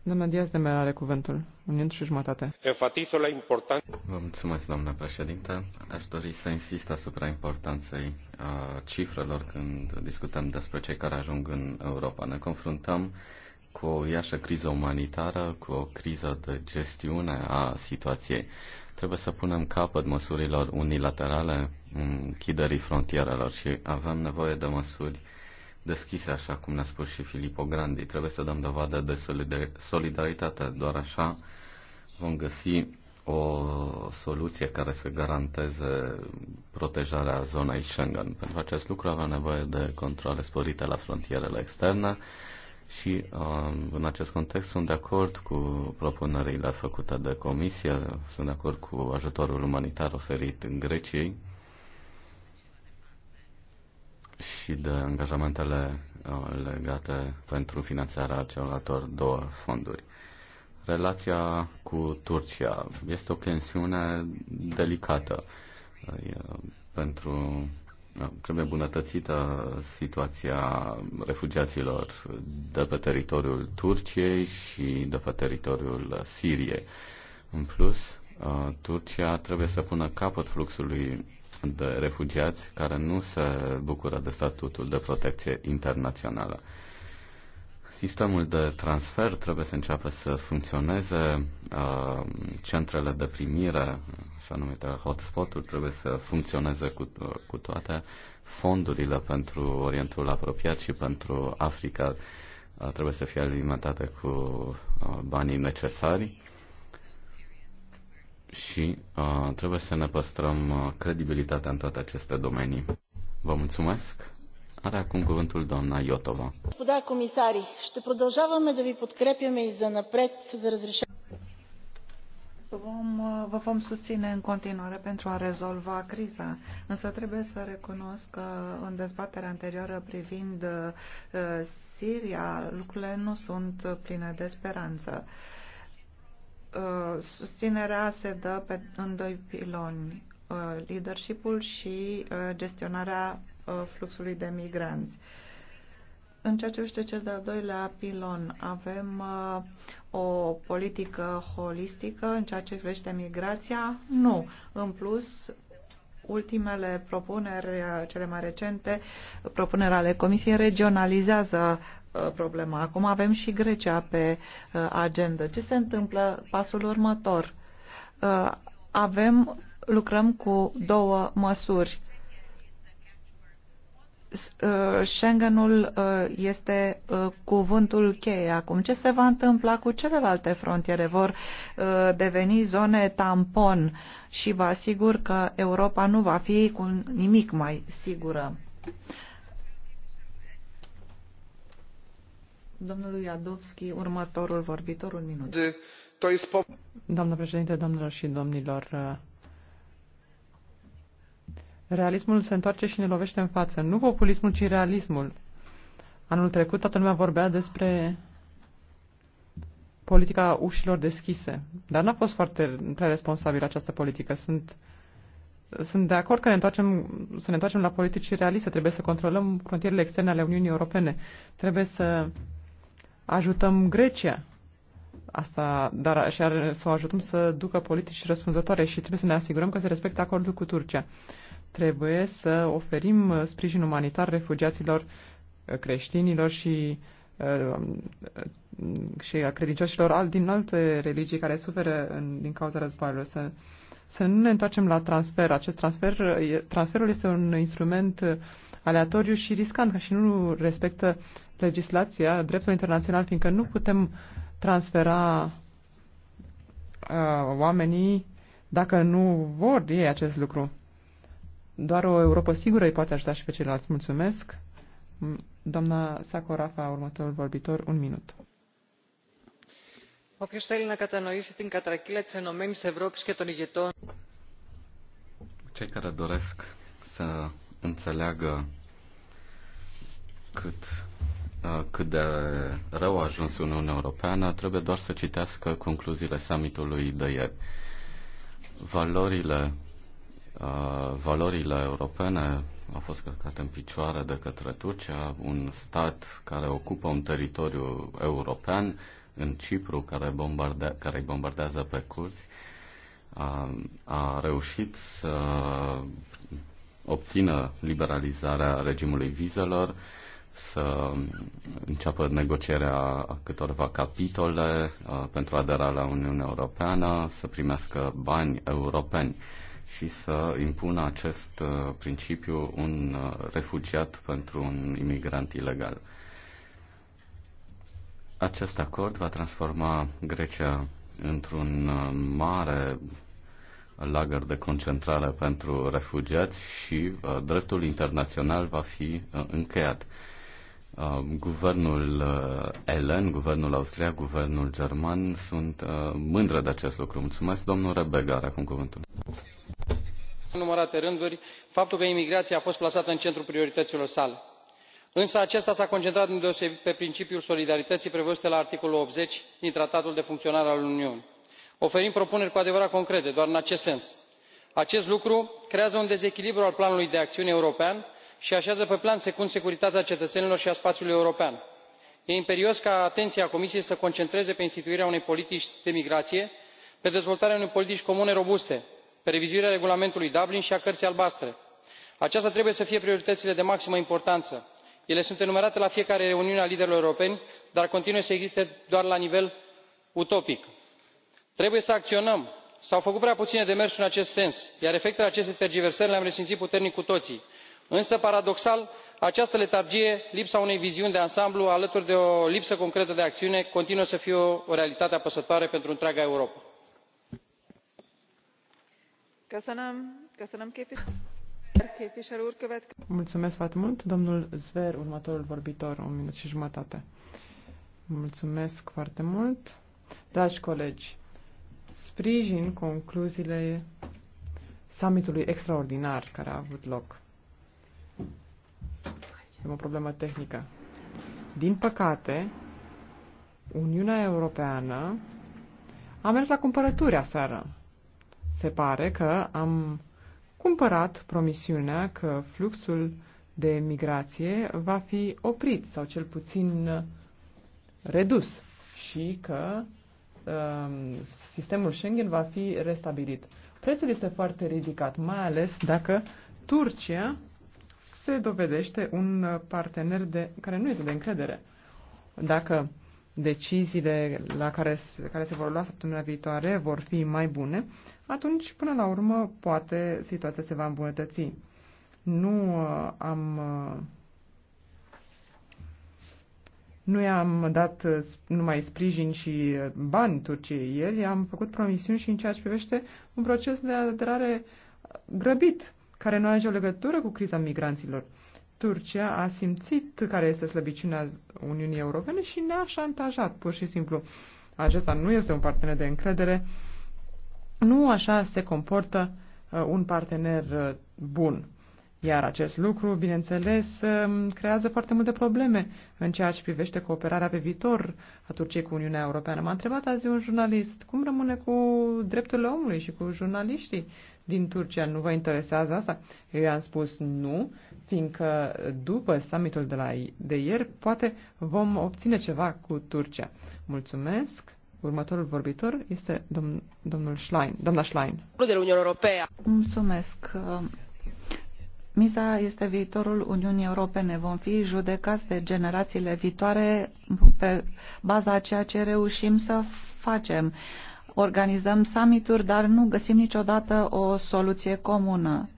Doamna de Mera cuvântul. Un și jumătate. Enfatizul la important. Vă mulțumesc, doamna președinte. Aș dori să insist asupra importanței a uh, cifrelor când discutăm despre cei care ajung în Europa. Ne confruntăm cu o iașă criză umanitară, cu o criză de gestiune a situației. Trebuie să punem capăt măsurilor unilaterale, închiderii frontierelor și avem nevoie de măsuri deschise, așa cum ne-a spus și Filippo Grandi. Trebuie să dăm dovadă de solidaritate. Doar așa vom găsi o soluție care să garanteze protejarea zonei Schengen. Pentru acest lucru avem nevoie de controle sporite la frontierele externe și um, în acest context sunt de acord cu propunerile făcute de comisie, sunt de acord cu ajutorul umanitar oferit în Greciei și de angajamentele uh, legate pentru finanțarea celorlator două fonduri. Relația cu Turcia este o tensiune delicată. Uh, pentru uh, trebuie bunătățită situația refugiaților de pe teritoriul Turciei și de pe teritoriul Siriei. În plus, Turcia trebuie să pună capăt fluxului de refugiați care nu se bucură de statutul de protecție internațională. Sistemul de transfer trebuie să înceapă să funcționeze, uh, centrele de primire, așa numite hotspot-uri, trebuie să funcționeze cu, cu toate fondurile pentru Orientul apropiat și pentru Africa uh, trebuie să fie alimentate cu uh, banii necesari și uh, trebuie să ne păstrăm uh, credibilitatea în toate aceste domenii. Vă mulțumesc! Are acum cuvântul doamna Iotova. Господа комисари, ще продължаваме да ви подкрепяме и занапред за разрешаване. Vom, vă vom susține în continuare pentru a rezolva criza, însă trebuie să recunosc că în dezbaterea anterioară privind uh, Siria, lucrurile nu sunt pline de speranță. Uh, Uh, susținerea se dă pe, în doi piloni, uh, leadership-ul și uh, gestionarea fluxului de migranți. În ceea ce privește cel de-al doilea pilon, avem uh, o politică holistică în ceea ce privește migrația? Nu. În plus, ultimele propuneri, cele mai recente propuneri ale Comisiei, regionalizează Uh, problema. Acum avem și Grecia pe uh, agenda. Ce se întâmplă? Pasul următor. Uh, avem, lucrăm cu două măsuri. Schengenul este cuvântul cheie acum. Ce se va întâmpla cu celelalte frontiere? Vor deveni zone tampon și vă asigur că Europa nu va fi cu nimic mai sigură. domnului Iadovski, următorul vorbitor, un minut. Doamnă președinte, domnilor și domnilor, realismul se întoarce și ne lovește în față. Nu populismul, ci realismul. Anul trecut toată lumea vorbea despre politica ușilor deschise, dar n-a fost foarte prea responsabilă această politică. Sunt sunt de acord că ne întoarcem, să ne întoarcem la politici realiste. Trebuie să controlăm frontierele externe ale Uniunii Europene. Trebuie să ajutăm Grecia. Asta, dar și ar, să o ajutăm să ducă politici răspunzătoare și trebuie să ne asigurăm că se respectă acordul cu Turcia. Trebuie să oferim uh, sprijin umanitar refugiaților, uh, creștinilor și uh, și a credincioșilor al, din alte religii care suferă în, din cauza războiului. Să, să nu ne întoarcem la transfer. Acest transfer, transferul este un instrument aleatoriu și riscant, ca și nu respectă legislația, dreptul internațional, fiindcă nu putem transfera uh, oamenii dacă nu vor ei acest lucru. Doar o Europa sigură îi poate ajuta și pe ceilalți. Mulțumesc. Mm, doamna Sakorafa următorul vorbitor, un minut. Όποιος θέλει να κατανοήσει την κατρακύλα και των ηγετών... Cei care doresc să înțeleagă cât cât de rău a ajuns Uniunea Europeană, trebuie doar să citească concluziile summitului de ieri. Valorile, uh, valorile europene au fost călcate în picioare de către Turcia, un stat care ocupă un teritoriu european, în Cipru, care, bombarde- care îi bombardează pe curți, uh, a reușit să obțină liberalizarea regimului vizelor, să înceapă negocierea câtorva capitole uh, pentru aderarea la Uniunea Europeană, să primească bani europeni și să impună acest uh, principiu un uh, refugiat pentru un imigrant ilegal. Acest acord va transforma Grecia într-un mare lagăr de concentrare pentru refugiați și dreptul internațional va fi încheiat. Uh, guvernul uh, Ellen, guvernul austriac, guvernul german sunt uh, mândre de acest lucru. Mulțumesc, domnul Rebega, are acum cuvântul. În numărate rânduri, faptul că imigrația a fost plasată în centrul priorităților sale. Însă acesta s-a concentrat îndeosebi pe principiul solidarității prevăzut la articolul 80 din Tratatul de Funcționare al Uniunii. Oferim propuneri cu adevărat concrete, doar în acest sens. Acest lucru creează un dezechilibru al planului de acțiune european și așează pe plan secund securitatea cetățenilor și a spațiului european. e imperios ca atenția comisiei să se concentreze pe instituirea unei politici de migrație pe dezvoltarea unei politici comune robuste pe revizuirea regulamentului dublin și a cărții albastre. acestea trebuie să fie prioritățile de maximă importanță. ele sunt enumerate la fiecare reuniune a liderilor europeni dar continuă să existe doar la nivel utopic. trebuie să acționăm. s au făcut prea puține demersuri în acest sens iar efectele acestei tergiversări le am resimțit puternic cu toții însă paradoxal această letargie lipsa unei viziuni de ansamblu alături de o lipsă concretă de acțiune continuă să fie o realitate apăsătoare pentru întreaga europă. Mulțumesc foarte mult. Domnul Zver, următorul vorbitor, minut și jumătate. Mulțumesc mult. Dragi colegi, sprijin concluziile summitului extraordinar care a avut loc. E o problemă tehnică. Din păcate, Uniunea Europeană a mers la cumpărături aseară. Se pare că am cumpărat promisiunea că fluxul de migrație va fi oprit sau cel puțin uh, redus și că um, sistemul Schengen va fi restabilit. Prețul este foarte ridicat, mai ales dacă Turcia se dovedește un partener de, care nu este de încredere. Dacă deciziile la care, care se vor lua săptămâna viitoare vor fi mai bune, atunci, până la urmă, poate situația se va îmbunătăți. Nu uh, am uh, nu i-am dat uh, numai sprijin și bani Turciei ieri, am făcut promisiuni și în ceea ce privește un proces de aderare grăbit care nu are nicio legătură cu criza migranților. Turcia a simțit care este slăbiciunea Uniunii Europene și ne-a șantajat, pur și simplu. Acesta nu este un partener de încredere. Nu așa se comportă uh, un partener uh, bun. Iar acest lucru, bineînțeles, um, creează foarte multe probleme în ceea ce privește cooperarea pe viitor a Turciei cu Uniunea Europeană. M-a întrebat azi un jurnalist cum rămâne cu drepturile omului și cu jurnaliștii din Turcia. Nu vă interesează asta? Eu i-am spus nu, fiindcă după summitul de, la, de ieri poate vom obține ceva cu Turcia. Mulțumesc! Următorul vorbitor este domn, domnul Schlein, doamna Schlein. Uniunea Europeană. Mulțumesc! Miza este viitorul Uniunii Europene. Vom fi judecați de generațiile viitoare pe baza ceea ce reușim să facem. Organizăm summituri, dar nu găsim niciodată o soluție comună.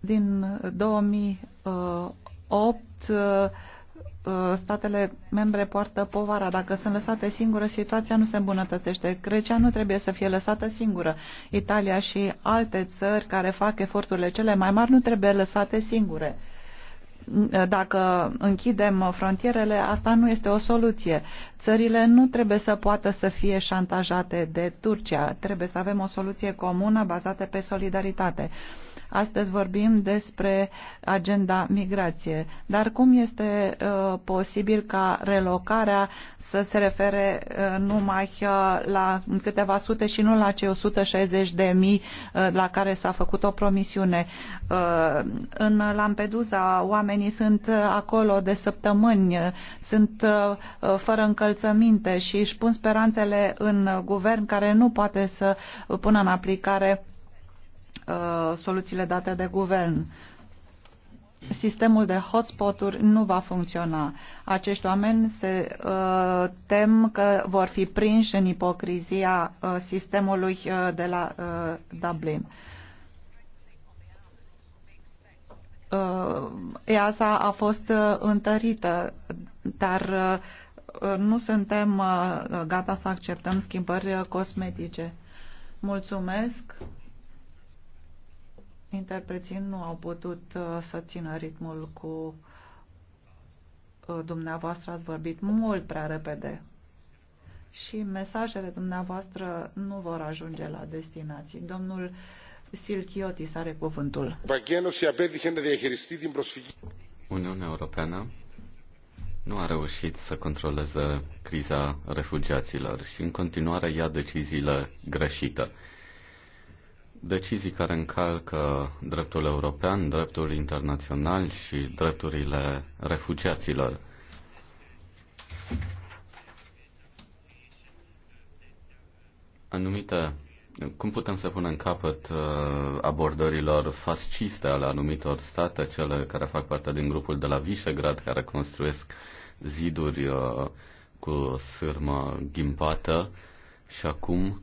Din 2008 Uh, statele membre poartă povara. Dacă sunt lăsate singură, situația nu se îmbunătățește. Grecia nu trebuie să fie lăsată singură. Italia și alte țări care fac eforturile cele mai mari nu trebuie lăsate singure dacă închidem frontierele, asta nu este o soluție. Țările nu trebuie să poată să fie șantajate de Turcia. Trebuie să avem o soluție comună bazată pe solidaritate. Astăzi vorbim despre agenda migrație. Dar cum este uh, posibil ca relocarea să se refere uh, numai uh, la câteva sute și nu la cei 160 de mii uh, la care s-a făcut o promisiune? Uh, în Lampedusa oamenii sunt uh, acolo de săptămâni, uh, sunt uh, uh, fără încălțăminte și își pun speranțele în guvern care nu poate să pună în aplicare Uh, soluțiile date de guvern. Sistemul de hotspot-uri nu va funcționa. Acești oameni se uh, tem că vor fi prinși în ipocrizia uh, sistemului uh, de la uh, Dublin. Uh, EASA a fost uh, întărită, dar uh, uh nu suntem uh, gata să acceptăm schimbări cosmetice. Mulțumesc interpreții nu au putut uh, să țină ritmul cu uh, dumneavoastră, ați vorbit mult prea repede și mesajele dumneavoastră nu vor ajunge la destinații. Domnul Silchiotis are cuvântul. Uniunea Europeană nu a reușit să controleze criza refugiaților și în continuare ia deciziile greșite. Decizii care încalcă dreptul european, dreptul internațional și drepturile refugiaților. Anumite cum putem să punem capăt uh, abordărilor fasciste ale anumitor state, cele care fac parte din grupul de la Visegrad, care construiesc ziduri uh, cu sârmă ghimpată și acum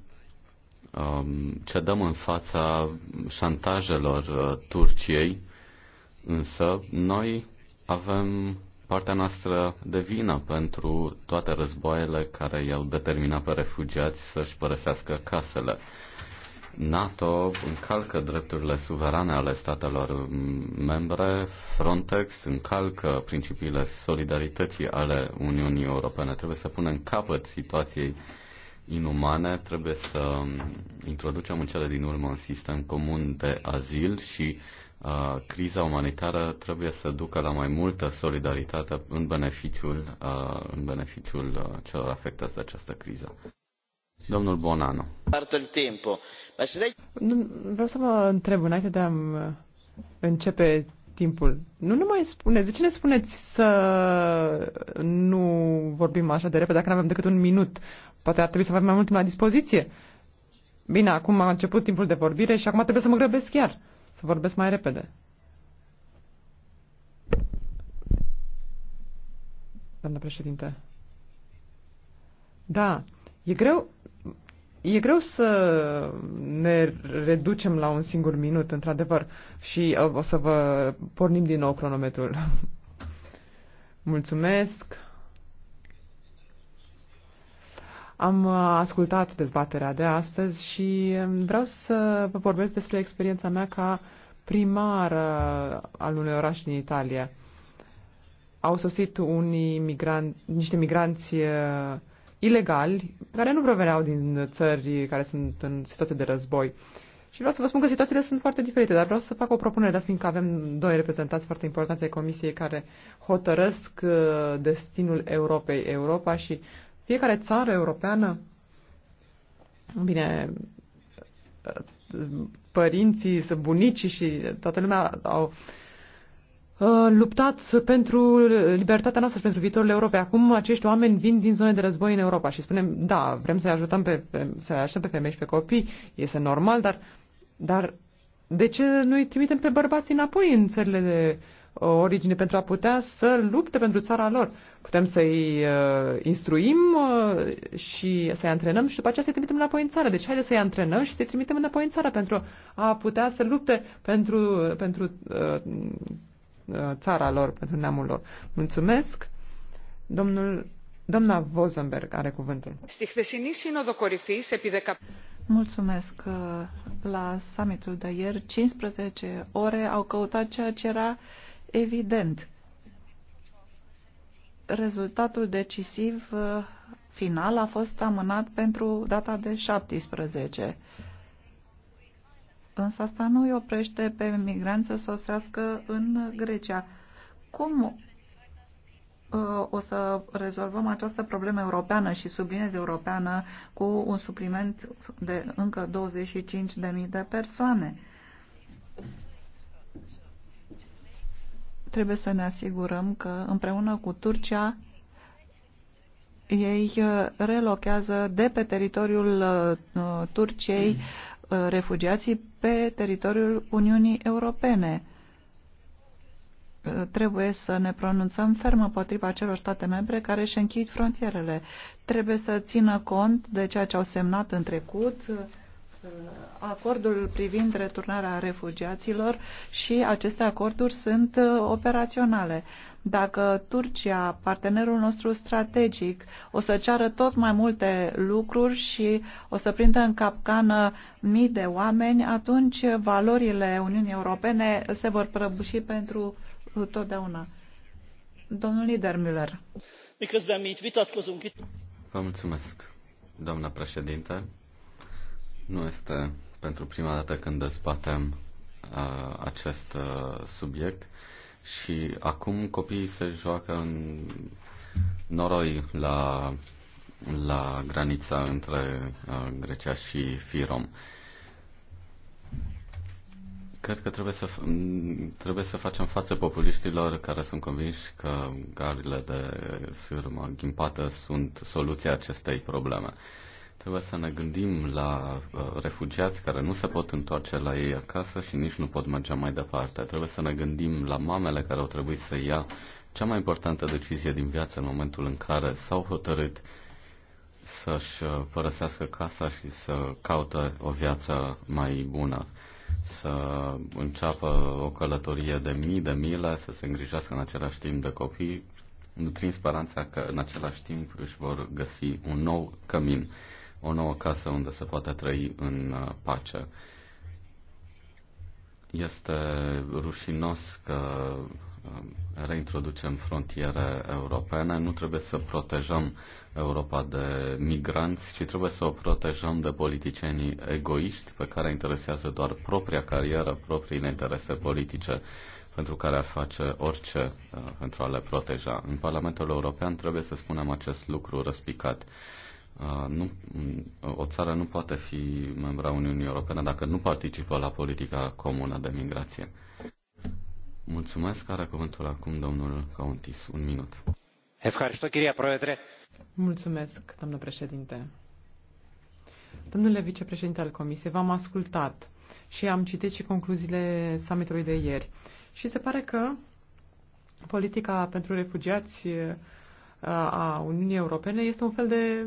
Um, cedăm în fața șantajelor uh, Turciei, însă noi avem partea noastră de vină pentru toate războaiele care i-au determinat pe refugiați să-și părăsească casele. NATO încalcă drepturile suverane ale statelor mm, membre, Frontex încalcă principiile solidarității ale Uniunii Europene. Trebuie să punem capăt situației uh, inumane, trebuie să um, introducem în cele din urmă un sistem comun de azil și uh, criza umanitară trebuie să ducă la mai multă solidaritate în beneficiul, uh, în beneficiul uh, celor afectați de această criză. Domnul Bonano. Vreau să vă întreb, înainte de a începe timpul. Nu numai spune. De ce ne spuneți să nu vorbim așa de repede dacă nu avem decât un minut? Poate ar trebui să avem mai mult timp la dispoziție. Bine, acum a început timpul de vorbire și acum trebuie să mă grăbesc chiar. Să vorbesc mai repede. Doamna președinte. Da, e greu E greu să ne reducem la un singur minut, într-adevăr, și uh, o să vă pornim din nou cronometrul. Mulțumesc! Am uh, ascultat dezbaterea de astăzi și vreau să vă vorbesc despre experiența mea ca primar al unui oraș din Italia. Au sosit unii migran- niște migranți uh, ilegali, care nu proveneau din țări care sunt în situație de război. Și vreau să vă spun că situațiile sunt foarte diferite, dar vreau să fac o propunere, dar fiindcă avem doi reprezentanți foarte importanți ai Comisiei care hotărăsc uh, destinul Europei, Europa și fiecare țară europeană, bine, uh, părinții, bunicii și toată lumea au Uh, luptat pentru libertatea noastră și pentru viitorul Europei. Acum acești oameni vin din zone de război în Europa și spunem, da, vrem să-i ajutăm pe, să ajutăm pe femei și pe copii, este normal, dar, dar de ce nu-i trimitem pe bărbați înapoi în țările de uh, origine pentru a putea să lupte pentru țara lor? Putem să-i uh, instruim uh, și să-i antrenăm și după aceea să-i trimitem înapoi în țară. Deci haide să-i antrenăm și să-i trimitem înapoi în țară pentru a putea să lupte pentru, pentru uh, Uh, țara lor, pentru neamul lor. Mulțumesc. Domnul, doamna Vozenberg are cuvântul. Mulțumesc. Uh, la summitul de ieri, 15 ore au căutat ceea ce era evident. Rezultatul decisiv uh, final a fost amânat pentru data de 17. Însă asta nu îi oprește pe migranți să sosească în Grecia. Cum uh, o să rezolvăm această problemă europeană și sublinez europeană cu un supliment de încă 25.000 de persoane? Trebuie să ne asigurăm că împreună cu Turcia ei relochează de pe teritoriul uh, Turciei mm Uh, refugiații pe teritoriul Uniunii Europene. Uh, trebuie să ne pronunțăm ferm împotriva celor state membre care își închid frontierele. Trebuie să țină cont de ceea ce au semnat în trecut uh, acordul privind returnarea refugiaților și aceste acorduri sunt operaționale. Dacă Turcia, partenerul nostru strategic, o să ceară tot mai multe lucruri și o să prindă în capcană mii de oameni, atunci valorile Uniunii Europene se vor prăbuși pentru totdeauna. Domnul Müller. Vă mulțumesc, doamna președinte. Nu este pentru prima dată când dezbatem uh, acest uh, subiect. Și acum copiii se joacă în noroi la, la granița între uh, Grecia și Firom. Cred că trebuie să, trebuie să facem față populiștilor care sunt convinși că garile de sârmă ghimpată sunt soluția acestei probleme. Uh, Trebuie să ne gândim la uh, refugiați care nu se pot întoarce la ei acasă și nici nu pot merge mai departe. Trebuie să ne gândim la mamele care au trebuit să ia cea mai importantă decizie din viață în momentul în care s-au hotărât să-și uh, părăsească casa și să caute o viață mai bună, să înceapă o călătorie de mii de mile, să se îngrijească în același timp de copii, nutrind speranța că în același timp își vor găsi un nou cămin o nouă casă unde se poate trăi în uh, pace. Este rușinos că uh, reintroducem frontiere europene, nu trebuie să protejăm Europa de migranți, ci trebuie să o protejăm de politicienii egoiști pe care interesează doar propria carieră, propriile interese politice pentru care ar face orice uh, pentru a le proteja. În Parlamentul European trebuie să spunem acest lucru răspicat. Uh, nu, mm, o țară nu poate fi membra Uniunii Europene dacă nu participă la politica comună de migrație. Mulțumesc, are cuvântul acum domnul Cauntis. Un minut. Mulțumesc, domnul președinte. Domnule vicepreședinte al Comisiei, v-am ascultat și am citit și concluziile summitului de ieri. Și se pare că politica pentru refugiați a Uniunii Europene este un fel de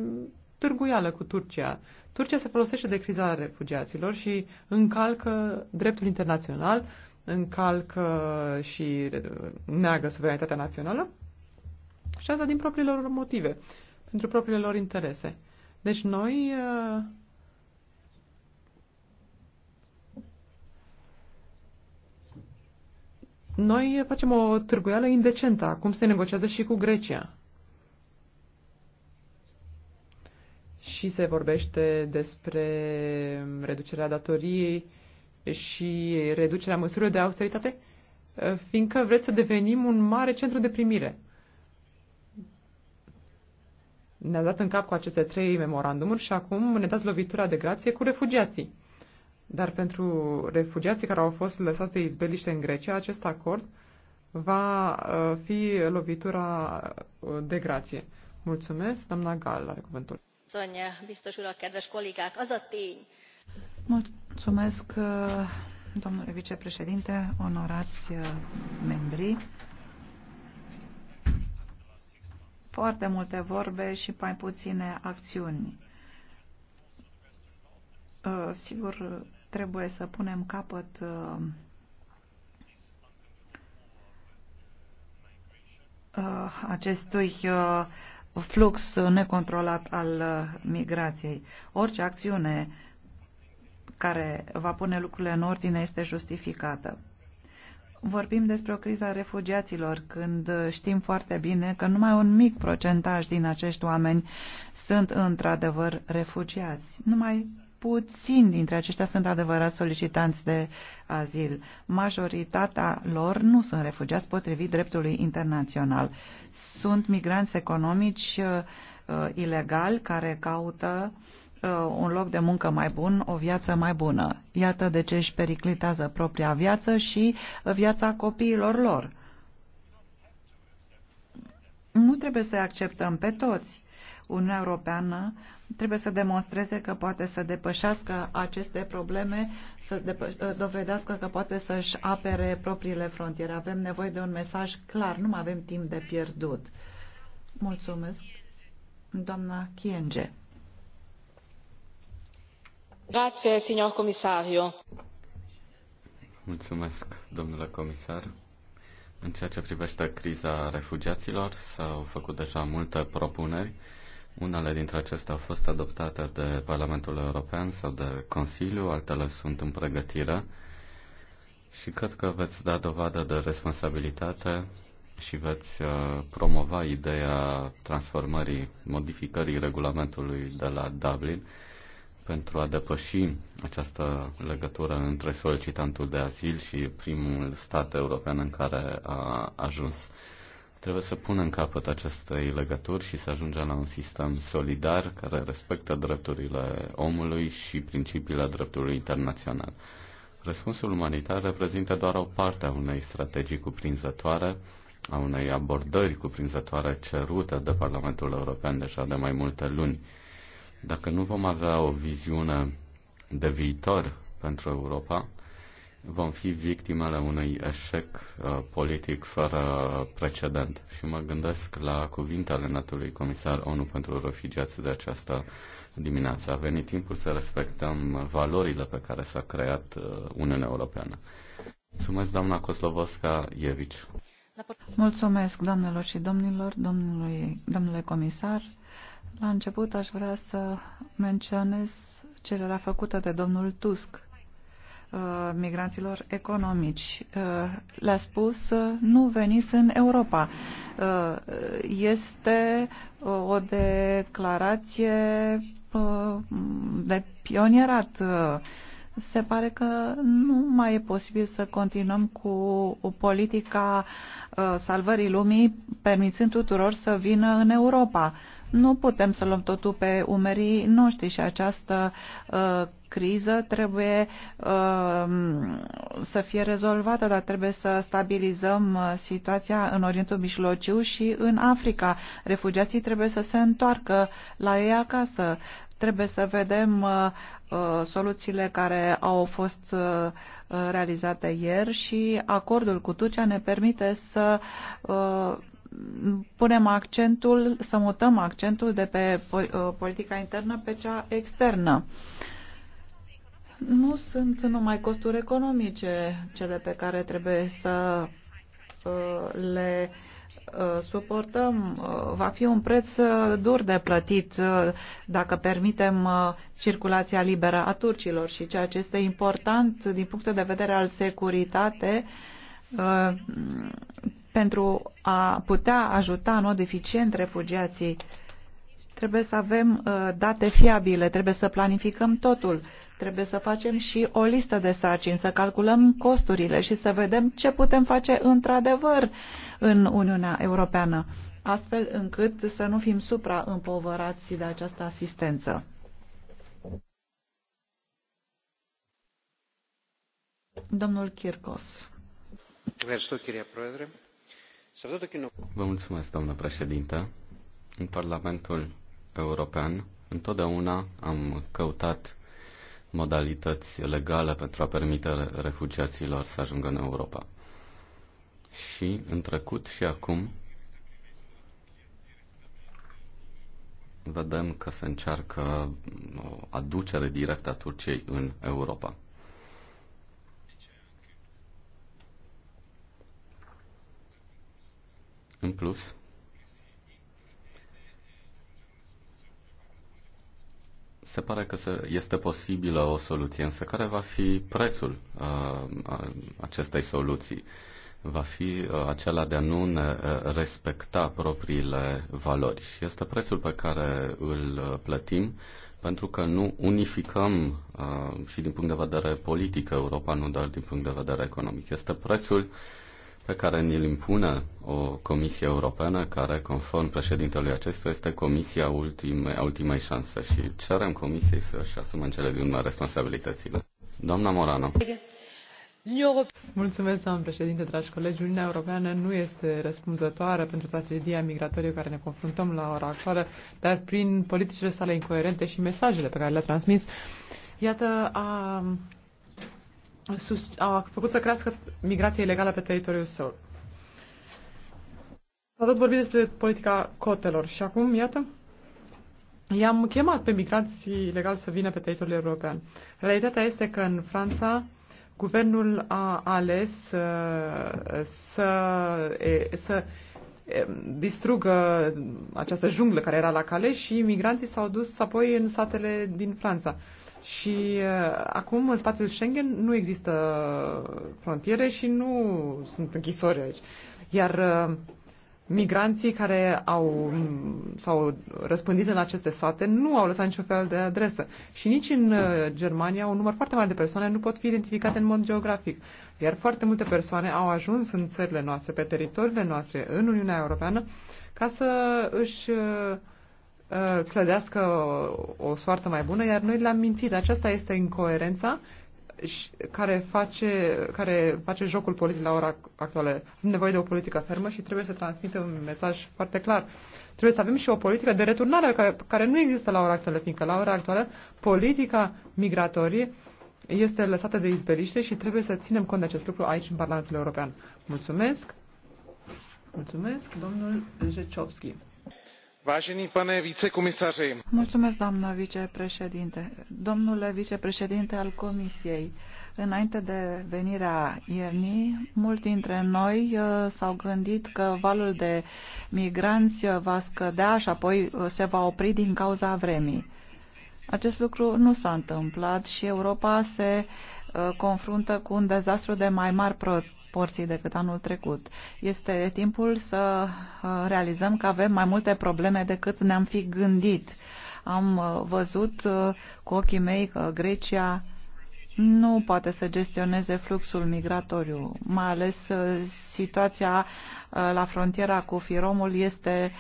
târguială cu Turcia. Turcia se folosește de criza refugiaților și încalcă dreptul internațional, încalcă și neagă suveranitatea națională și asta din propriile lor motive, pentru propriile lor interese. Deci noi uh, noi facem o târguială indecentă. Acum se negociază și cu Grecia. și se vorbește despre reducerea datoriei și reducerea măsurilor de austeritate, fiindcă vreți să devenim un mare centru de primire. Ne-a dat în cap cu aceste trei memorandumuri și acum ne dați lovitura de grație cu refugiații. Dar pentru refugiații care au fost lăsați de izbeliște în Grecia, acest acord va uh, fi lovitura uh, de grație. Mulțumesc, doamna Gal, are cuvântul biztos urak kedves kollégák az a tény Mulțumesc, uh, domnule vicepreședinte, onorați uh, membri. Foarte multe vorbe și mai puține acțiuni. Uh, sigur, trebuie să punem capăt acestui flux necontrolat al uh, migrației. Orice acțiune care va pune lucrurile în ordine este justificată. Vorbim despre o criză a refugiaților, când uh, știm foarte bine că numai un mic procentaj din acești oameni sunt într-adevăr refugiați. Numai puțini dintre aceștia sunt adevărați solicitanți de azil. Majoritatea lor nu sunt refugiați potrivit dreptului internațional. Sunt migranți economici uh, uh, ilegali care caută uh, un loc de muncă mai bun, o viață mai bună. Iată de ce își periclitează propria viață și viața copiilor lor. Nu trebuie să acceptăm pe toți Uniunea Europeană trebuie să demonstreze că poate să depășească aceste probleme, să dovedească că poate să-și apere propriile frontiere. Avem nevoie de un mesaj clar, nu mai avem timp de pierdut. Mulțumesc. Doamna Chienge. Grazie, signor comisario. Mulțumesc, domnule comisar. În ceea ce privește criza refugiaților, s-au făcut deja multe propuneri. Unele dintre acestea au fost adoptate de Parlamentul European sau de Consiliu, altele sunt în pregătire și cred că veți da dovadă de responsabilitate și veți uh, promova ideea transformării, modificării regulamentului de la Dublin pentru a depăși această legătură între solicitantul de azil și primul stat european în care a ajuns. Trebuie să punem capăt acestei legături și să ajungem la un sistem solidar care respectă drepturile omului și principiile dreptului internațional. Răspunsul umanitar reprezintă doar o parte a unei strategii cuprinzătoare, a unei abordări cuprinzătoare cerute de Parlamentul European deja de mai multe luni. Dacă nu vom avea o viziune de viitor pentru Europa, vom fi victimele unui eșec uh, politic fără precedent. Și mă gândesc la cuvintele natului comisar ONU pentru refugiați de această dimineață. A venit timpul să respectăm valorile pe care s-a creat uh, Uniunea Europeană. Mulțumesc, doamna Koslovoska Ievici. Mulțumesc, doamnelor și domnilor, domnului, domnule comisar. La început aș vrea să menționez cererea făcută de domnul Tusk Uh, migranților economici. Uh, le-a spus, uh, nu veniți în Europa. Este o declarație de pionierat. Se pare că nu mai e posibil să continuăm cu politica salvării lumii, permițând tuturor să vină în Europa nu putem să luăm totul pe umerii noștri și această uh, criză trebuie uh, să fie rezolvată, dar trebuie să stabilizăm uh, situația în Orientul Mijlociu și în Africa. Refugiații trebuie să se întoarcă la ei acasă. Trebuie să vedem uh, uh soluțiile care au fost uh, realizate ieri și acordul cu Turcia ne permite să uh, punem accentul, să mutăm accentul de pe uh, politica internă pe cea externă. Nu sunt numai costuri economice cele pe care trebuie să uh, le uh, suportăm. Va fi un preț dur de plătit dacă permitem circulația liberă a turcilor și ceea ce este important din punct de vedere al securitate pentru a putea ajuta în mod eficient refugiații, trebuie să avem uh, date fiabile, trebuie să planificăm totul, trebuie să facem și o listă de sarcini, să calculăm costurile și să vedem ce putem face într-adevăr în Uniunea Europeană, astfel încât să nu fim supraîmpovărați de această asistență. Domnul Kirkos. Mulțumesc, Vă mulțumesc, doamnă președintă. În Parlamentul European întotdeauna am căutat modalități legale pentru a permite refugiaților să ajungă în Europa. Și în trecut și acum vedem că se încearcă o aducere directă a Turciei în Europa. În plus, se pare că este posibilă o soluție, însă care va fi prețul uh, acestei soluții? Va fi uh, acela de a nu ne uh, respecta propriile valori. Și este prețul pe care îl plătim pentru că nu unificăm și din punct de vedere politic Europa, nu doar din punct de vedere economic. Este prețul pe care ni-l impune o Comisie Europeană care, conform președintelui acestuia, este Comisia ultime, ultimei șanse și cerem Comisiei să-și asume în cele din urmă responsabilitățile. Doamna Morano. Mulțumesc, doamnă președinte, dragi colegi. Uniunea Europeană nu este răspunzătoare pentru tragedia migratorie care ne confruntăm la ora actuală, dar prin politicile sale incoerente și mesajele pe care le-a transmis, iată, a sus, a făcut să crească migrația ilegală pe teritoriul său. S-a tot vorbit despre politica cotelor și acum, iată, i-am chemat pe migrații ilegali să vină pe teritoriul european. Realitatea este că în Franța guvernul a ales uh, să, să, să distrugă această junglă care era la cale și migranții s-au dus apoi în satele din Franța. Și uh, acum în spațiul Schengen nu există frontiere și nu sunt închisori aici. Iar uh, migranții care au, s-au răspândit în aceste sate nu au lăsat niciun fel de adresă. Și nici în uh, Germania un număr foarte mare de persoane nu pot fi identificate în mod geografic. Iar foarte multe persoane au ajuns în țările noastre, pe teritoriile noastre, în Uniunea Europeană, ca să își Uh, clădească o soartă mai bună, iar noi le-am mințit. Aceasta este incoerența care face, care face jocul politic la ora actuală. Am nevoie de o politică fermă și trebuie să transmită un mesaj foarte clar. Trebuie să avem și o politică de returnare care, care nu există la ora actuală, fiindcă la ora actuală politica migratorie este lăsată de izbeliște și trebuie să ținem cont de acest lucru aici în Parlamentul European. Mulțumesc! Mulțumesc, domnul Jeciovski pane vicecomisare doamnă vicepreședinte domnule vicepreședinte al comisiei înainte de venirea iernii mulți dintre noi uh, s au gândit că valul de migranți uh, va scădea și apoi uh, se va opri din cauza vremii. acest lucru nu s a întâmplat și europa se confruntă cu un dezastru de mai mari proporții proporții decât anul trecut. Este timpul să uh, realizăm că avem mai multe probleme decât ne-am fi gândit. Am uh, văzut uh, cu ochii mei că Grecia nu poate să gestioneze fluxul migratoriu, mai ales situația la frontiera cu Firomul este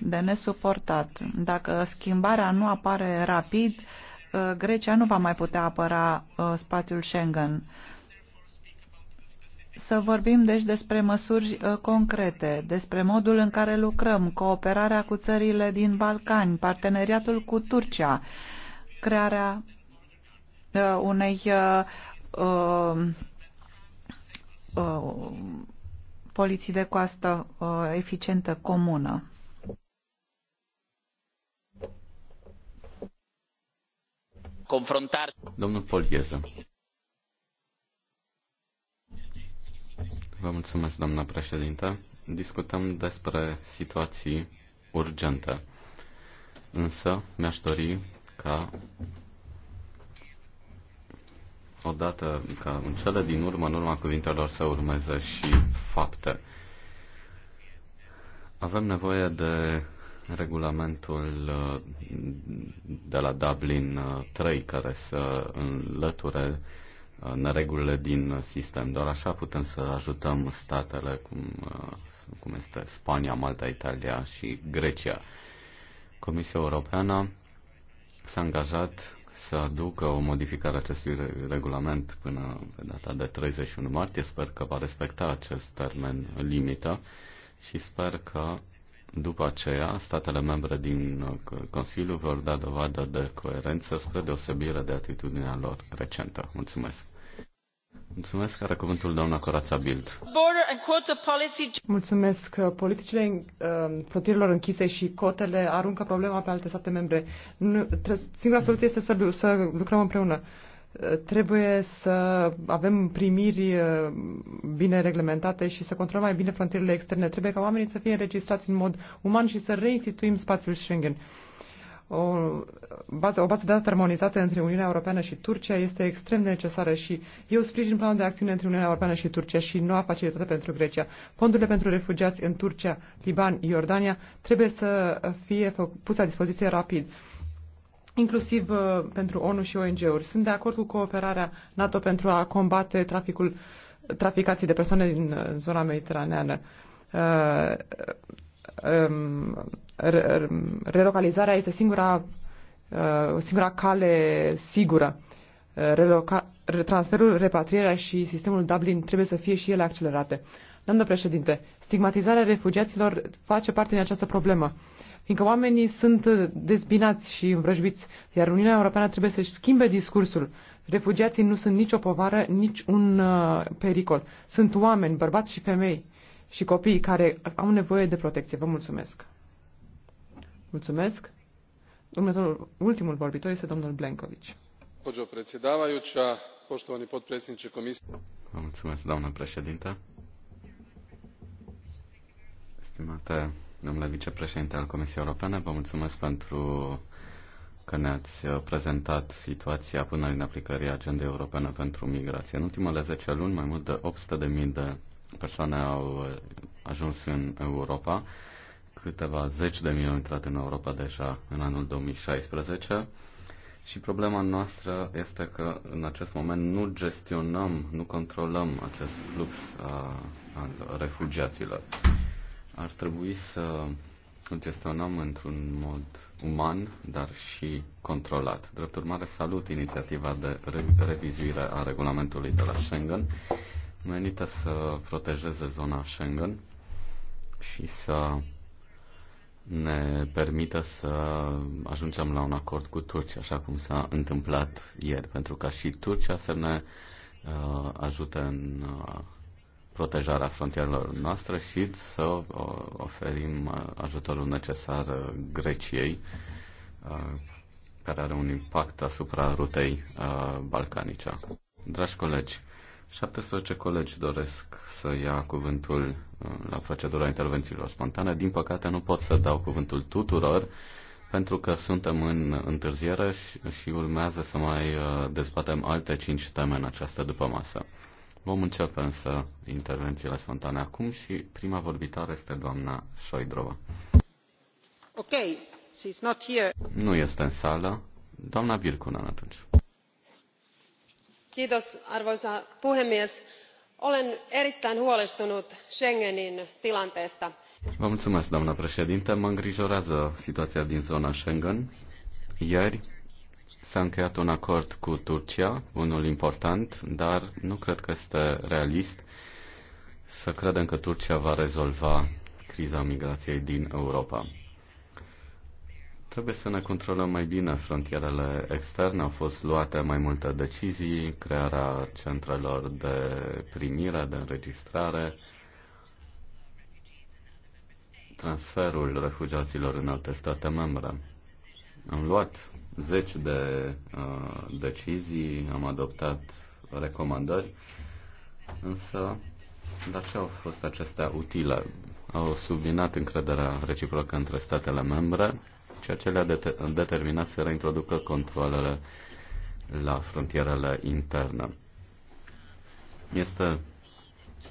de nesuportat. Dacă schimbarea nu apare rapid, Grecia nu va mai putea apăra spațiul Schengen. Să vorbim deci despre măsuri uh, concrete, despre modul în care lucrăm, cooperarea cu țările din Balcani, parteneriatul cu Turcia, crearea uh, unei uh, uh, uh, poliții de coastă uh, eficientă comună. Domnul Polgheză. Vă mulțumesc, doamna președinte. Discutăm despre situații urgente. Însă, mi-aș dori ca odată, ca în cele din urmă, în urma cuvintelor să urmeze și fapte. Avem nevoie de regulamentul uh, de la Dublin 3 uh, care să înlăture neregulile din sistem. Doar așa putem să ajutăm statele cum, uh, cum este Spania, Malta, Italia și Grecia. Comisia Europeană s-a angajat să aducă o modificare a acestui regulament până pe data de 31 martie. Sper că va respecta acest termen limită și sper că după aceea statele membre din uh, Consiliu vor da dovadă de coerență spre deosebire de atitudinea lor recentă. Mulțumesc! Mulțumesc, are cuvântul doamna Corața Bild. Mulțumesc. Politicile uh, frontierilor închise și cotele aruncă problema pe alte state membre. Nu, singura soluție este să, să lucrăm împreună. Uh, trebuie să avem primiri uh, bine reglementate și să controlăm mai bine frontierele externe. Trebuie ca oamenii să fie înregistrați în mod uman și să reinstituim spațiul Schengen o bază, o bază de date armonizată între Uniunea Europeană și Turcia este extrem de necesară și eu sprijin planul de acțiune între Uniunea Europeană și Turcia și noua facilitate pentru Grecia. Fondurile pentru refugiați în Turcia, Liban, Iordania trebuie să fie puse la dispoziție rapid inclusiv uh, pentru ONU și ONG-uri. Sunt de acord cu cooperarea NATO pentru a combate traficul, traficații de persoane din uh, zona mediteraneană. Uh, um, re relocalizarea este singura, uh, singura cale sigură. Uh, reloca transferul, repatrierea și sistemul Dublin trebuie să fie și ele accelerate. Doamnă președinte, stigmatizarea refugiaților face parte din această problemă fiindcă oamenii sunt dezbinați și învrăjbiți, iar Uniunea Europeană trebuie să-și schimbe discursul. Refugiații nu sunt nicio povară, nici un uh, pericol. Sunt oameni, bărbați și femei și copiii care au nevoie de protecție. Vă mulțumesc. Mulțumesc. Dumnezeu, ultimul vorbitor este domnul Blenković. Vă mulțumesc, doamnă președinte. Stimate domnule vicepreședinte al Comisiei Europene, vă mulțumesc pentru că ne-ați prezentat situația până în aplicării agendei europene pentru migrație. În ultimele 10 luni, mai mult de 800.000 de persoane au ajuns în Europa, câteva zeci de mii au intrat în Europa deja în anul 2016 și problema noastră este că în acest moment nu gestionăm, nu controlăm acest flux a, uh, al refugiaților. Ar trebui să îl gestionăm într-un mod uman, dar și controlat. Drept urmare, salut inițiativa de re- revizuire a regulamentului de la Schengen menită să protejeze zona Schengen și să ne permită să ajungem la un acord cu Turcia, așa cum s-a întâmplat ieri, pentru ca și Turcia să ne uh, ajute în uh, protejarea frontierelor noastre și să uh, oferim uh, ajutorul necesar uh, Greciei, uh, care are un impact asupra rutei uh, balcanice. Dragi colegi, 17 colegi doresc să ia cuvântul uh, la procedura intervențiilor spontane. Din păcate nu pot să dau cuvântul tuturor pentru că suntem în întârziere și, și urmează să mai uh, dezbatem alte 5 teme în această după masă. Vom începe însă intervențiile spontane acum și prima vorbitoare este doamna Șoidrova. Ok, she's not here. Nu este în sală. Doamna Virkunen atunci arvoisa puhemies olen erittäin huolestunut schengenin tilanteesta. doamnă președintă mă îngrijorează situația din zona schengen. ieri s a încheiat un acord cu turcia unul important dar nu cred că este realist să credem că turcia va rezolva criza migrației din europa. Trebuie să ne controlăm mai bine frontierele externe. Au fost luate mai multe decizii, crearea centrelor de primire, de înregistrare, transferul refugiaților în alte state membre. Am luat zeci de uh, decizii, am adoptat recomandări, însă dar ce au fost acestea utile? Au subminat încrederea reciprocă între statele membre, ceea ce le-a determinat să reintroducă controlele la frontierele interne. Este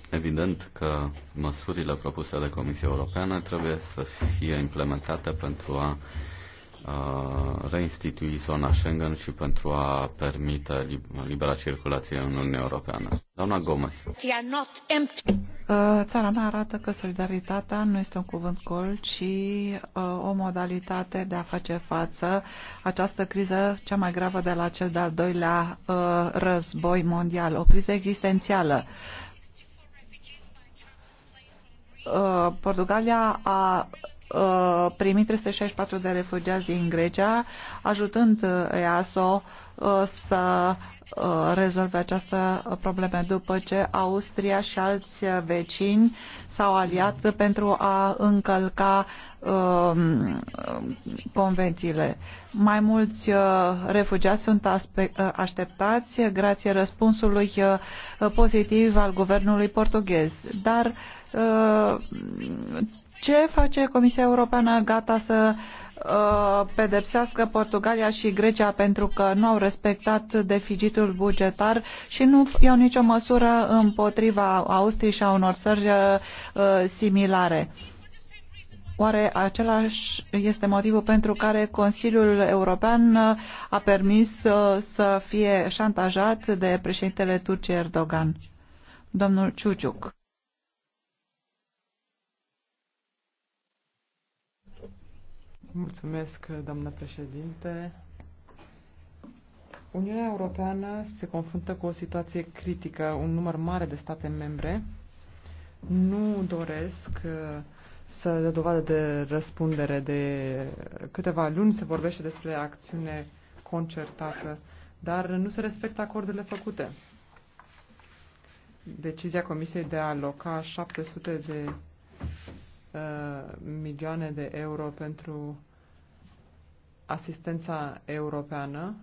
evident că măsurile propuse de Comisia Europeană trebuie să fie implementate pentru a reinstitui zona Schengen și pentru a permite libera circulație în Uniunea Europeană. Doamna Gomez. Uh, țara mea arată că solidaritatea nu este un cuvânt gol, ci uh, o modalitate de a face față această criză cea mai gravă de la cel de-al doilea uh, război mondial, o criză existențială. Portugalia a Uh, primit 364 de refugiați din Grecia, ajutând uh, EASO uh, să rezolve această problemă după ce Austria și alți vecini s-au aliat pentru a încălca um, convențiile. Mai mulți refugiați sunt așteptați grație răspunsului pozitiv al guvernului portughez, dar ce face Comisia Europeană gata să uh, pedepsească Portugalia și Grecia pentru că nu au respectat deficitul bugetar și nu iau nicio măsură împotriva Austriei și a unor țări uh, uh, similare? Oare același este motivul pentru care Consiliul European a permis să fie șantajat de președintele Turciei Erdogan? Domnul Ciuciuc. Mulțumesc, doamnă președinte. Uniunea Europeană se confruntă cu o situație critică. Un număr mare de state membre nu doresc uh, să dă dovadă de răspundere. De câteva luni se vorbește despre acțiune concertată, dar nu se respectă acordurile făcute. Decizia Comisiei de a aloca 700 de Uh, milioane de euro pentru asistența europeană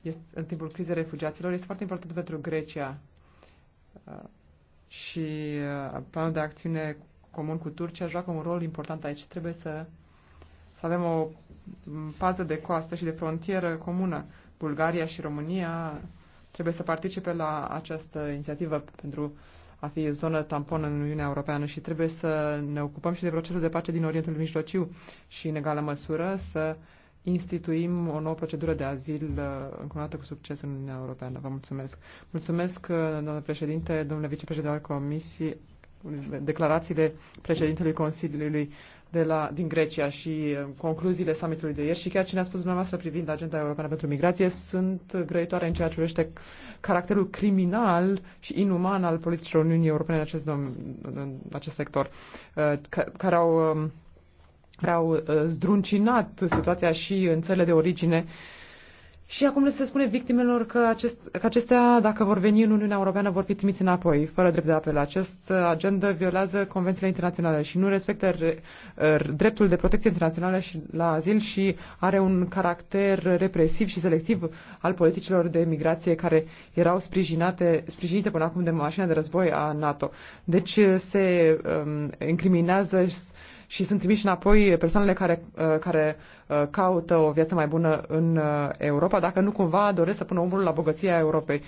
este, în timpul crizei refugiaților este foarte important pentru Grecia uh, și uh, planul de acțiune comun cu Turcia joacă un rol important aici. Trebuie să, să avem o pază de coastă și de frontieră comună. Bulgaria și România trebuie să participe la această inițiativă pentru a fi zonă tampon în Uniunea Europeană și trebuie să ne ocupăm și de procesul de pace din Orientul Mijlociu și, în egală măsură, să instituim o nouă procedură de azil uh, încunată cu succes în Uniunea Europeană. Vă mulțumesc. Mulțumesc, uh, domnule președinte, domnule vicepreședinte al Comisiei, declarațiile președintelui Consiliului de la, din Grecia și uh, concluziile summitului de ieri și chiar ce ne-a spus dumneavoastră privind agenda europeană pentru migrație sunt grăitoare în ceea ce privește caracterul criminal și inuman al politicilor Uniunii Europene în acest, dom- în acest sector, uh, care au, um, care au uh, zdruncinat situația și în țările de origine uh, și acum le se spune victimelor că, acest, că acestea, dacă vor veni în Uniunea Europeană, vor fi trimiți înapoi, fără drept de apel. Această agenda violează convențiile internaționale și nu respectă re, er, dreptul de protecție internațională și la azil și are un caracter represiv și selectiv al politicilor de migrație care erau sprijinate, sprijinite până acum de mașina de război a NATO. Deci se um, incriminează și sunt trimiși înapoi persoanele care, uh, care uh, caută o viață mai bună în uh, Europa, dacă nu cumva doresc să pună omul la bogăția Europei.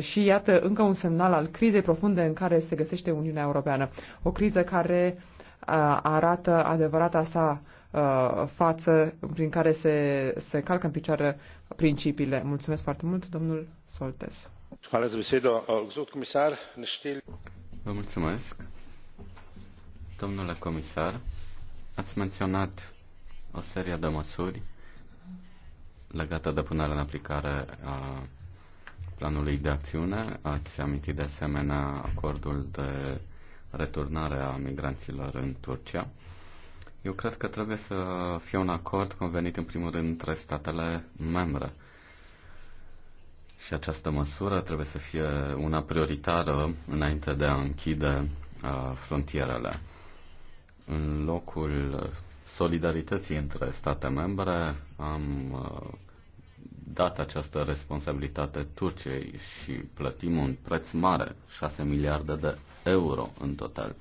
Și iată încă un semnal al crizei profunde în care se găsește Uniunea Europeană. O criză care arată adevărata sa față prin care se, se calcă în picioare principiile. Mulțumesc foarte mult, domnul Soltes. Vă mulțumesc. Domnule comisar, Ați menționat o serie de măsuri legate de punerea în aplicare a planului de acțiune. Ați amintit de asemenea acordul de returnare a migranților în Turcia. Eu cred că trebuie să fie un acord convenit în primul rând între statele membre. Și această măsură trebuie să fie una prioritară înainte de a închide uh, frontierele. În locul solidarității între state membre am uh, dat această responsabilitate Turciei și plătim un preț mare, 6 miliarde de euro în total.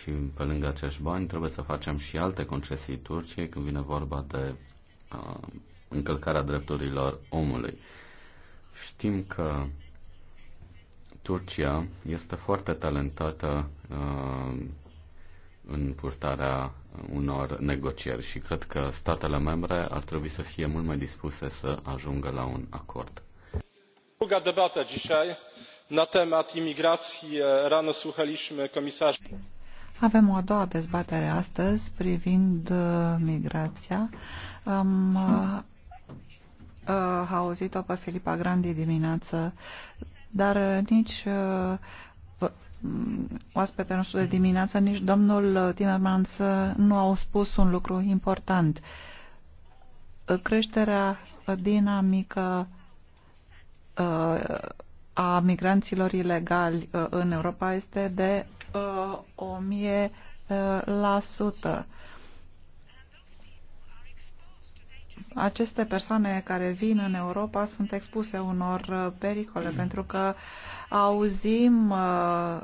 Și pe lângă acești bani trebuie să facem și alte concesii Turciei când vine vorba de uh, încălcarea drepturilor omului. Știm că Turcia este foarte talentată uh, în purtarea unor negocieri și cred că statele membre ar trebui să fie mult mai dispuse să ajungă la un acord. Druga debata dzisiaj na temat imigracji. Rano słuchaliśmy komisarza. Avem o a doua dezbatere astăzi privind uh, migrația. Am uh, uh, auzit-o pe Filipa Grandi dimineață, dar uh, nici uh, Mm, oaspete nostru de dimineață, nici domnul uh, Timmermans uh, nu au spus un lucru important. Uh, creșterea dinamică a migranților ilegali în Europa este de 1000% aceste persoane care vin în Europa sunt expuse unor uh, pericole mm. pentru că auzim uh,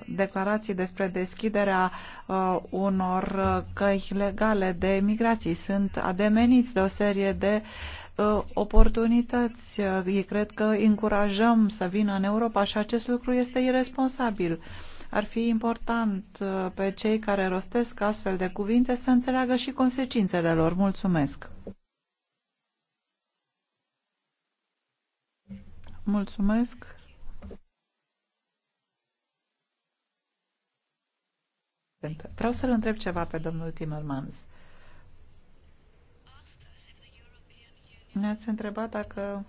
declarații despre deschiderea uh, unor căi legale de migrații. Sunt ademeniți de o serie de oportunități. Ei cred că încurajăm să vină în Europa și acest lucru este irresponsabil ar fi important pe cei care rostesc astfel de cuvinte să înțeleagă și consecințele lor. Mulțumesc! Mulțumesc. Vreau să-l întreb ceva pe domnul Timmermans. Ne-ați întrebat dacă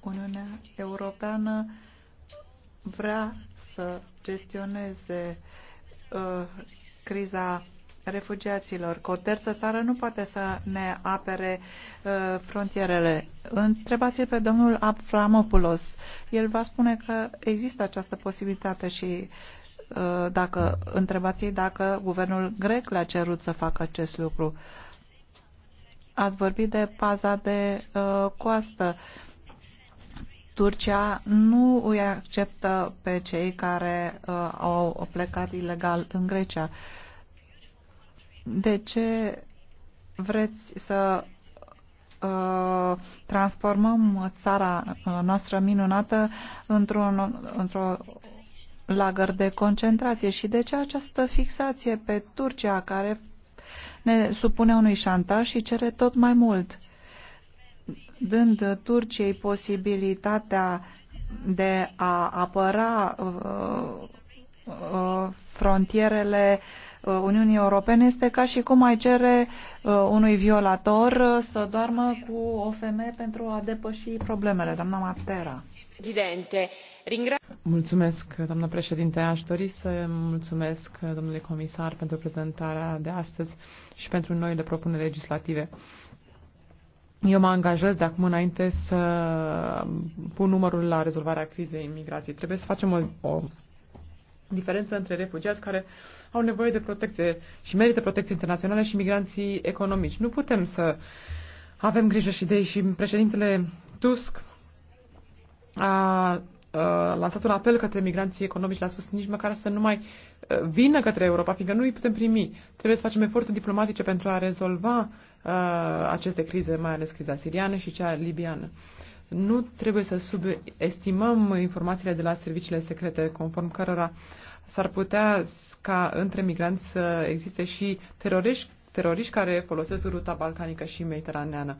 Uniunea Europeană vrea să gestioneze uh, criza refugiaților, că o terță țară nu poate să ne apere uh, frontierele. Întrebați-l pe domnul Abramopoulos. El va spune că există această posibilitate și uh, dacă întrebați dacă guvernul grec le-a cerut să facă acest lucru. Ați vorbit de paza de uh, coastă. Turcia nu îi acceptă pe cei care uh, au plecat ilegal în Grecia. Uh, de ce vreți să uh, transformăm țara uh, noastră minunată într-un, într-o lagăr de concentrație și de ce această fixație pe Turcia care ne supune unui șantaj și cere tot mai mult, dând Turciei posibilitatea de a apăra uh, uh, frontierele uh, Uh, Uniunii Europene este ca și cum ai cere uh, unui violator uh, să doarmă cu o femeie pentru a depăși problemele. Doamna Matera. Mulțumesc, doamnă președinte. Aș dori să mulțumesc domnule comisar pentru prezentarea de astăzi și pentru noile propuneri legislative. Eu mă angajez de acum înainte să pun numărul la rezolvarea crizei imigrației. Trebuie să facem o, o diferență între refugiați care uh, au nevoie de protecție și merită protecție internațională și migranții economici. Nu putem să avem grijă și de ei și președintele Tusk a lansat un apel către migranții economici, le-a spus nici măcar să nu mai vină către Europa, fiindcă nu îi putem primi. Trebuie să facem eforturi diplomatice pentru a rezolva uh, aceste crize, mai ales criza siriană și cea libiană. Nu trebuie să subestimăm informațiile de la serviciile secrete, conform cărora uh, s-ar putea ca între migranți să existe și teroriști, teroriști care folosesc ruta balcanică și mediteraneană.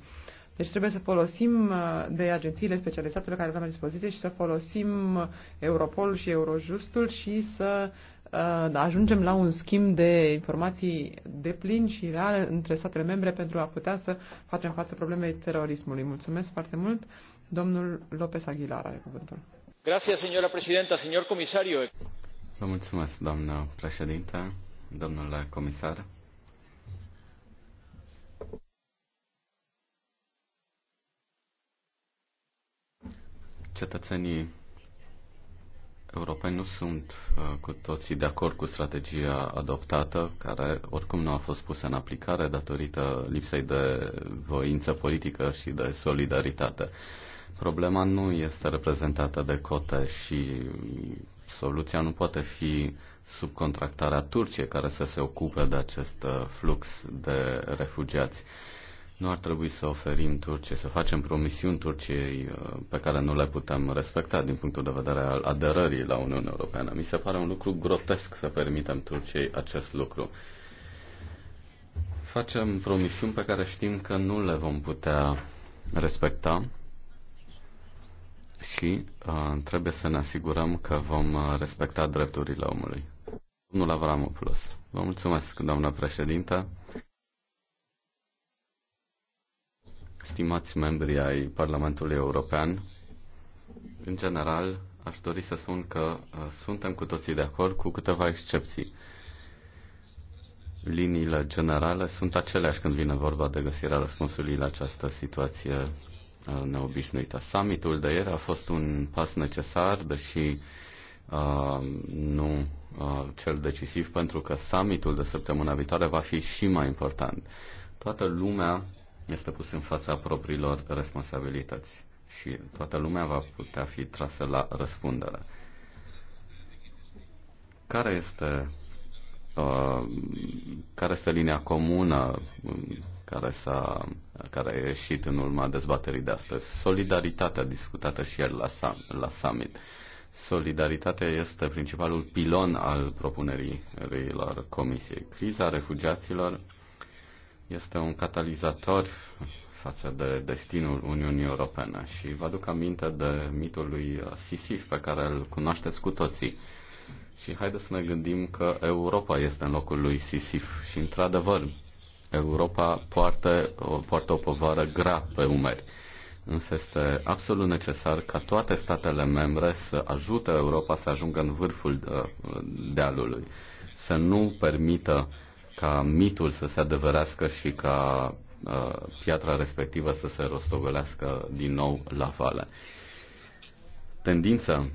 Deci trebuie să folosim uh, de agențiile specializate pe care le avem la dispoziție și să folosim uh, Europol și Eurojustul și să uh, ajungem la un schimb de informații de plin și reale între statele membre pentru a putea să facem față problemei terorismului. Mulțumesc foarte mult. Domnul López Aguilar are cuvântul. Gracias, señora presidenta, señor comisario. Vă mulțumesc, doamnă președinte, domnule comisar. Cetățenii europeni nu sunt uh, cu toții de acord cu strategia adoptată, care oricum nu a fost pusă în aplicare datorită lipsei de voință politică și de solidaritate. Problema nu este reprezentată de cote și Soluția nu poate fi subcontractarea Turciei care să se ocupe de acest uh, flux de refugiați. Nu ar trebui să oferim Turciei, să facem promisiuni Turciei uh, pe care nu le putem respecta din punctul de vedere al aderării la Uniunea Europeană. Mi se pare un lucru grotesc să permitem Turciei acest lucru. Facem promisiuni pe care știm că nu le vom putea respecta și uh, trebuie să ne asigurăm că vom uh, respecta drepturile omului. Domnul Avramopoulos, vă mulțumesc, doamnă președintă. Stimați membri ai Parlamentului European, în general, aș dori să spun că uh, suntem cu toții de acord, cu câteva excepții. Liniile generale sunt aceleași când vine vorba de găsirea răspunsului la această situație Uh, neobișnuită. Summitul de ieri a fost un pas necesar, deși uh, nu uh, cel decisiv, pentru că summitul de săptămâna viitoare va fi și mai important. Toată lumea este pusă în fața propriilor responsabilități și toată lumea va putea fi trasă la răspundere. Care este uh, care este linia comună um, care, s-a, care a ieșit în urma dezbaterii de astăzi. Solidaritatea discutată și el la, la summit. Solidaritatea este principalul pilon al propunerii lor comisiei. Criza refugiaților este un catalizator față de destinul Uniunii Europene și vă aduc aminte de mitul lui Sisif pe care îl cunoașteți cu toții. Și haideți să ne gândim că Europa este în locul lui Sisif și într-adevăr Europa poartă, poartă o povară grea pe umeri. Însă este absolut necesar ca toate statele membre să ajute Europa să ajungă în vârful uh, dealului, să nu permită ca mitul să se adevărească și ca uh, piatra respectivă să se rostogolească din nou la vale. Tendința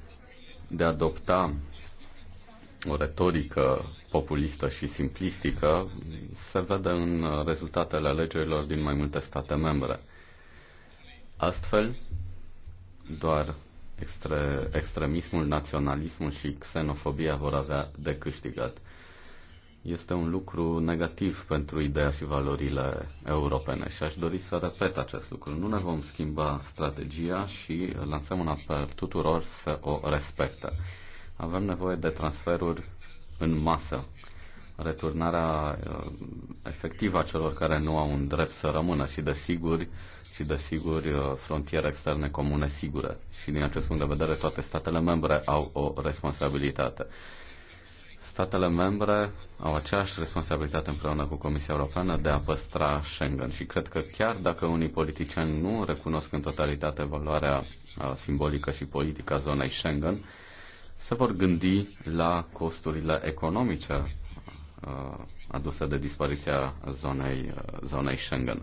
de a adopta o retorică populistă și simplistică se vede în rezultatele alegerilor din mai multe state membre. Astfel, doar extre, extremismul, naționalismul și xenofobia vor avea de câștigat. Este un lucru negativ pentru ideea și valorile europene și aș dori să repet acest lucru. Nu ne vom schimba strategia și lansăm un apel tuturor să o respecte. Avem nevoie de transferuri în masă. Returnarea uh, efectivă a celor care nu au un drept să rămână și desigur și desigur uh, frontiere externe comune sigure. Și din acest punct de vedere toate statele membre au o responsabilitate statele membre au aceeași responsabilitate împreună cu Comisia Europeană de a păstra Schengen și cred că chiar dacă unii politicieni nu recunosc în totalitate valoarea uh, simbolică și politică a zonei Schengen, se vor gândi la costurile economice uh, aduse de dispariția zonei, uh, zonei Schengen.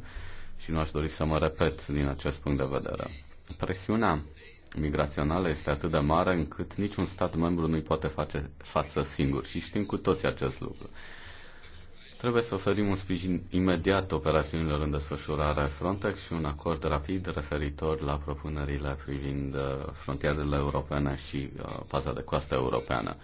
Și nu aș dori să mă repet din acest punct de vedere. Presiunea migrațională este atât de mare încât niciun stat membru nu-i poate face față singur și știm cu toți acest lucru. Trebuie să oferim un sprijin imediat operațiunilor în desfășurare Frontex și un acord rapid referitor la propunerile privind uh, frontierele europene și paza uh, de coastă europeană.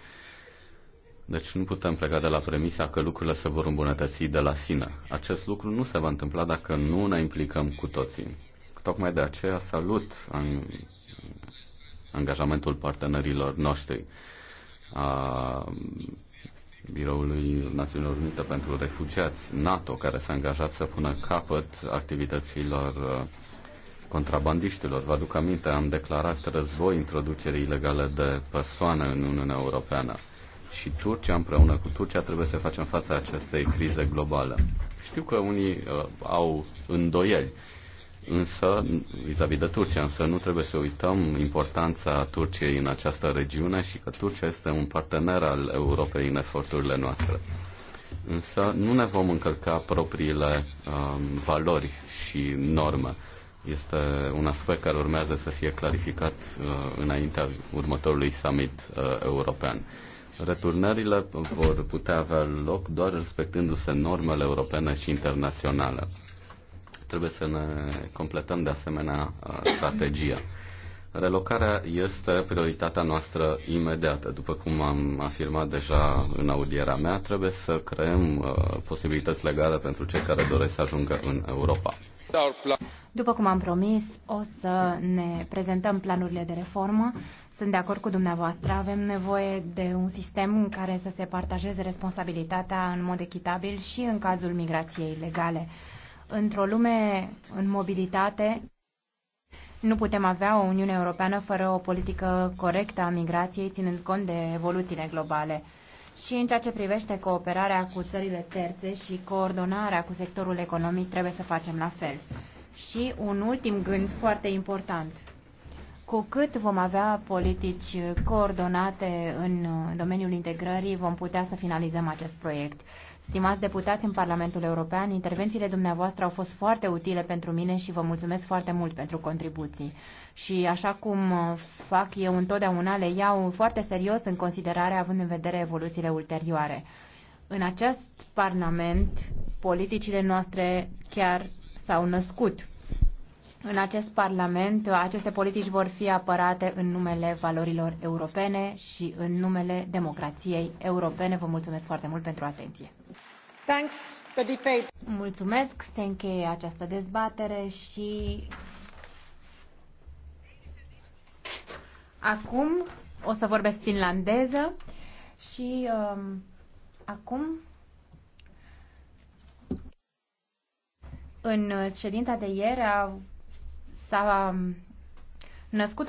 Deci nu putem pleca de la premisa că lucrurile se vor îmbunătăți de la sine. Acest lucru nu se va întâmpla dacă nu ne implicăm cu toții. Tocmai de aceea salut angajamentul partenerilor noștri Biroului Națiunilor Unite pentru Refugiați, NATO, care s-a angajat să pună capăt activităților uh, contrabandiștilor. Vă aduc aminte, am declarat război introducerii ilegale de persoane în Uniunea Europeană. Și Turcia, împreună cu Turcia, trebuie să facem fața acestei crize globale. Știu că unii uh, au îndoieli Însă, vis-a-vis -vis de Turcia, însă nu trebuie să uităm importanța Turciei în această regiune și că Turcia este un partener al Europei în eforturile noastre. Însă nu ne vom încălca propriile um, valori și norme. Este un aspect care urmează să fie clarificat uh, înaintea următorului summit uh, european. Returnările vor putea avea loc doar respectându-se normele europene și internaționale. Trebuie să ne completăm de asemenea uh, strategia. Relocarea este prioritatea noastră imediată. După cum am afirmat deja în audierea mea, trebuie să creăm uh, posibilități legale pentru cei care doresc să ajungă în Europa. După cum am promis, o să ne prezentăm planurile de reformă. Sunt de acord cu dumneavoastră. Avem nevoie de un sistem în care să se partajeze responsabilitatea în mod echitabil și în cazul migrației legale. Într-o lume în mobilitate, nu putem avea o Uniune Europeană fără o politică corectă a migrației, ținând cont de evoluțiile globale. Și în ceea ce privește cooperarea cu țările terțe și coordonarea cu sectorul economic, trebuie să facem la fel. Și un ultim gând foarte important. Cu cât vom avea politici coordonate în domeniul integrării, vom putea să finalizăm acest proiect. Stimați deputați în Parlamentul European, intervențiile dumneavoastră au fost foarte utile pentru mine și vă mulțumesc foarte mult pentru contribuții. Și așa cum fac eu întotdeauna, le iau foarte serios în considerare, având în vedere evoluțiile ulterioare. În acest Parlament, politicile noastre chiar s-au născut în acest Parlament aceste politici vor fi apărate în numele valorilor europene și în numele democrației europene. Vă mulțumesc foarte mult pentru atenție. Thanks, the debate. Mulțumesc, se încheie această dezbatere și acum o să vorbesc finlandeză și um, acum în ședința de ieri a s-a um, născut